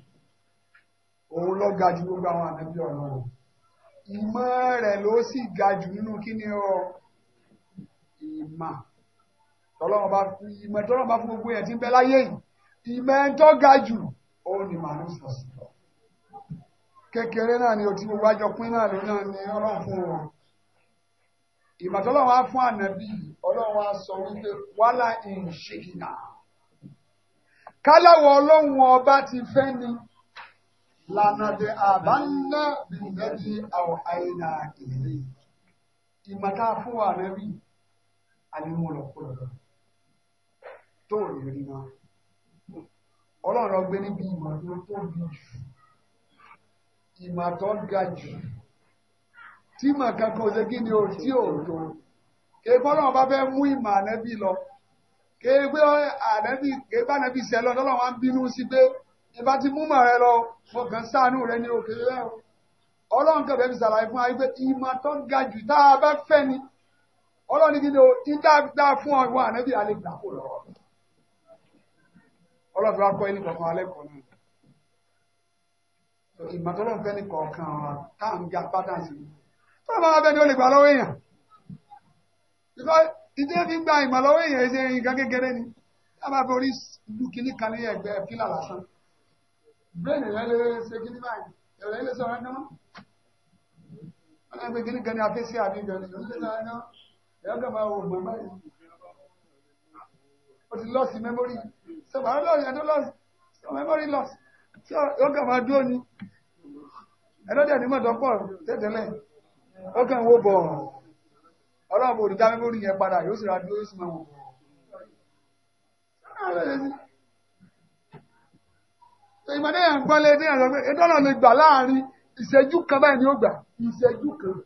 òun lọ ga ju gbogbo àwọn ànábì ọlọ́run ìmọ̀ rẹ̀ ló sì ga jù nínú kí ni ọ ìmọ̀ tọ́lọ́run gbogbo yẹn tí ń bẹ láyé yìí ìmọ̀ ẹ̀ ń tọ́ ga jù òun ni màánú sọ sí lọ kékeré náà ni òtí gbogbo àjọ pín náà ni ọlọ́run fún wọn ìmọ̀ tọ́lọ́run á fún ànábì ọlọ́run á sọ wípé wàhálà ìṣèkìnà ọba ti fẹ́ ni. lànàdé àbáńdá bìnnẹ́bí àwọn àyìnà ìlẹ̀ ìmọ̀tá fún wa nẹ́bí àníwòlọ́pọ̀lọ́ tó rí rí náà ọlọ́run ọgbẹ́ níbi ìmọ̀ tó tóbi jù ìmọ̀ tó ga jù tí ìmọ̀ kankan ṣe kí ni o tí ò tó kéèpọ̀ náà bá fẹ́ mú ìmọ̀ ànẹ́bí lọ kéèpẹ́ ànẹ́bí kéèpẹ́ ànẹ́bí sẹ́lọ̀ lọ́lọ́run wa bínú sí pé ìbá ti mú mọ̀ rẹ lọ mo kàn ṣàánú rẹ ní òkè rẹ o ọlọ́run kẹfẹ́ fi ṣàlàyé fún wa pé ìmọ̀ tó ń ga jù tá a bá fẹ́ ni ọlọ́run kí ni o ti dáadáa fún ọ̀rọ̀ ànábì alẹ́ gbà kó lọ́wọ́ ọlọ́run wa kọ́ ẹni kọ̀ọ̀kan alẹ́ kọ̀ọ̀ náà ìmọ̀ tó lọ́n fẹ́ ní kọ̀ọ̀kan tá à ń ga pátá sí i tó máa bẹ́ẹ̀ ni ó lè gbà lọ́wọ́ èèyàn ìdí fi gba ìmọ̀ lọ́wọ́ èèyàn ṣe nǹkan kékeré ni tá a máa fi orí dúkìní kan ní ẹgbẹ́ fílà lásán brain rẹ lè ṣe kí ní báyìí ẹ̀rọ ilé sọ̀rọ̀ náà ọlọ́run pé kí ní gan ni àfẹ́sí àbí gan ni ìlú sọ̀rọ̀ náà ẹ̀rọ kan máa wò gbọ́n báyìí o ti lọ́ọ̀sì mẹ́mórì sọ̀rọ̀ àwọn lọ́ọ̀sì ẹ̀dọ́ lọ́ọ̀sì sọ̀rọ̀ mẹ́mórì lọ́ọ̀sì tí ó kàn máa dúró ni ẹ̀dọ́ dẹ̀ ní mọ̀tọ́ pọ̀ tẹ́tẹ́lẹ̀ ó kàn wó bọ̀ ọlọ́run kò ní dá mẹ́mórì yẹn padà yóò sì ra dúró yóò sì ìgbàdé yẹn ń gbọ́lé ní ẹ̀rọ pé ìdọ́nà lè gbà láàrin ìṣẹ́jú kan báyìí ni ó gbà ìṣẹ́jú kan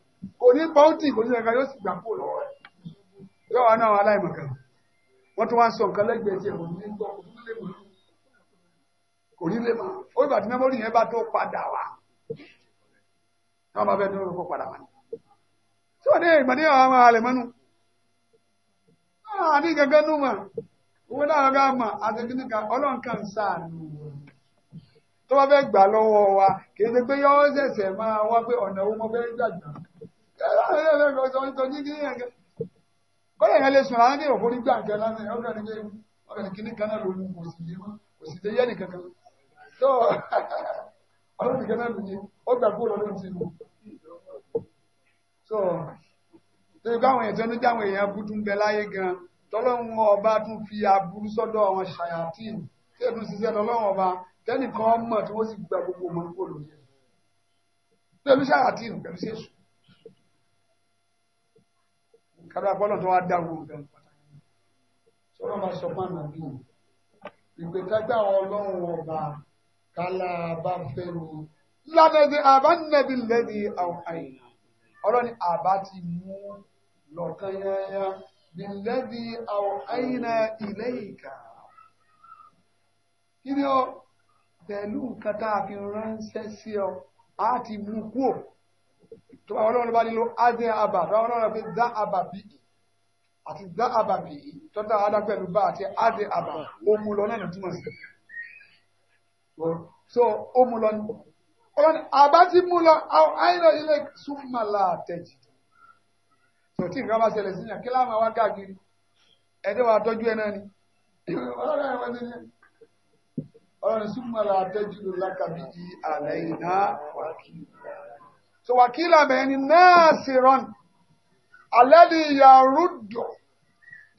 kò ní pọ́ùtì kò ní ẹ̀ka yóò sì gbà kó lọ́wọ́ yóò wá náà kan wọ́n tún wá sọ nǹkan lẹ́gbẹ̀ẹ́ kò ní gbọ́ kò ní lè mọ̀ ó mẹ́mọ́rì tó bá fẹ́ gbà lọ́wọ́ wa kì í ṣe pé yọ́ ṣẹ̀ṣẹ̀ máa wá pé ọ̀nà owó mọ́fẹ́ gbàgbà kọ́lá yẹn lè sùn láńgé òfò nígbà àjẹ́ lánàá yẹn ọ̀gá nígbà ọ̀gá ní kíní kan náà ló ní kò sì yé mọ́ kò sì lè yẹ́ nìkan kan tó ọlọ́run nìkan náà nìyẹn ó gbà kúrò lọ́dún sí mi. tó tó yẹ kó àwọn èèyàn tó ń dá àwọn èèyàn búdú ń bẹ láyé gan tọ́lọ́run ọba tún fi aburú sọ́dọ̀ àwọn ṣàyàtì tí èdè ń ṣiṣẹ́ lọ́lọ́run ọba tẹ́nìkan mọ̀ tí wọ́n sì gba gbogbo ọmọ nípò lónìí pẹ̀lú sí àti ìrìn pẹ̀lú sí èṣù kára pọ́lọ̀ tó wá dáwọ́ nǹkan pàtàkì sọ́rọ̀ máa sọ fún àná bí ìgbẹ́kágbá ọlọ́run ọba kálá bá fẹ́ mi lábẹ́bí àbánẹ́bí lẹ́ni àwọn àyìnà àbá ti mú lọ́kàn yányá bí lẹ́ni àwọn àyìnà ilé ìkà kí ni ó pẹ̀lú nǹkan tá a fi ránṣẹ́ sí ọ á ti mú kúò tó bá wọn lọ́wọ́ bá nílò adé àbà tó bá wọn lọ́wọ́ pé dá àbà bìí àti dá àbà bìí tó dá adá pẹ̀lú bá àti adé àbà ó mú lọ náà túmọ̀ sí. so ó mú lọ ní. ọlọ́ni àbá ti mú lọ àwọn ilé súnmọ́lá àtẹ̀jì. tó tí nǹkan bá ṣẹlẹ̀ sí yàn kí láwọn wá káàkiri ẹ̀dẹ́ wa tọ́jú ẹ náà ni. ọlọ́ni àwọn ẹ̀wọ̀n ọlọ́run sí mọ́ra àtẹ́jùlọ lákàbí di àlẹ́ iná wàkílà. so wàkílà bẹ́ẹ̀ ni náà sì rán alẹ́ ni ìyá rúdùn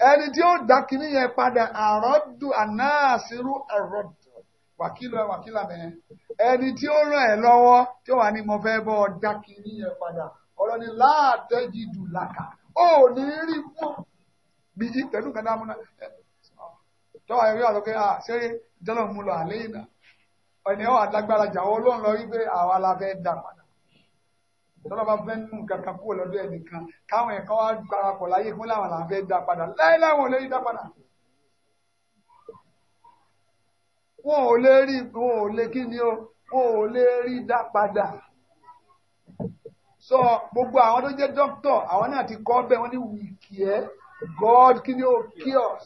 ẹni tí ó dá kínní yẹn padà àròdù ànáàsírú àròdù wàkìlọ wàkìlà mẹ ẹni tí ó ràn ẹ lọ́wọ́ tí ó wà ní mo fẹ́ bọ dá kínní yẹn padà ọlọni láàtẹjì dùlàkà ó ní rí fún bíi pẹ̀lú kan dáhùn náà tọ́wọ́ ẹ̀rí wà lókè ah ṣé dọ́là mú lọ àlẹ́ yìí náà ọ̀nà ẹ̀wọ̀n àdágbára jà wọ́n ló ń lọ wípé àwa la fẹ́ dà padà tọ́lá bá fẹ́ nù kankan kúrò lọ́dọ̀ ẹnìkan káwọn ẹ̀kọ́ wa parapọ̀ láyé fún làwọn làwọn fẹ́ dà padà láéláé wọn ò lè rí dà padà wọn ò lè rí wọn ò lè kí ni o wọn ò lè rí dá padà sọ gbogbo àwọn tó jẹ́ dókítà àwọn náà ti kọ́ bẹ́ẹ̀ wọ́n ní we care God kí ni o cure us.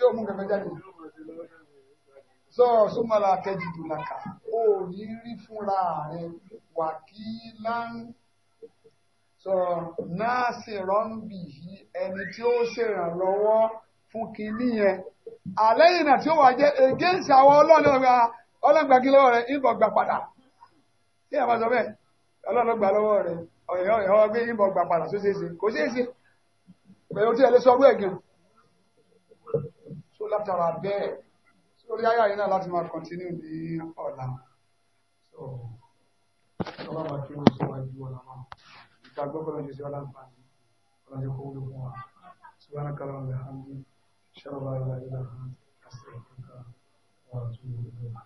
tí ó mú kẹfẹ́ jáde sọ̀rọ̀ súnmọ́lá kẹjì dùnàkà ó ní rí fúnra rẹ̀ wàkílá ń sọ̀rọ̀ náà sì rọ́ǹbì yìí ẹni tí ó ṣèrànlọ́wọ́ fún kinní yẹn àlẹ́ ìrìnà tí ó wà jẹ́ ègéǹsì àwọn ọlọ́ọ̀lọ́gba ọlọ́gba kí lọ́wọ́ rẹ̀ ìbọn gbà padà tí a bá sọ bẹ́ẹ̀ ọlọ́ọ̀lọ́gba lọ́wọ́ rẹ̀ ọ̀yọ́ ọ̀yọ́ gbé ìbọn gbà padà tó ṣeé ṣe kò ṣeé ṣe pẹ̀lú tí ẹ lè sọ ọdún ẹ̀gàn látara bẹ́ẹ̀ sórí ayé àyè náà láti máa kọ́ntínú ní ọ̀la ọba máa kí wọ́n síwájú ọ̀la máa ìta gbọ́kọ̀ lọ́jọ́ sí ọ̀làǹfààní ọ̀làjọ́ kó wúlò fún wa síwájú kálọ̀ ọ̀làǹfààní ṣẹlẹ̀ ọ̀la ìlà ìlà àti ẹ̀ka ọ̀la tó wúlò fún wa.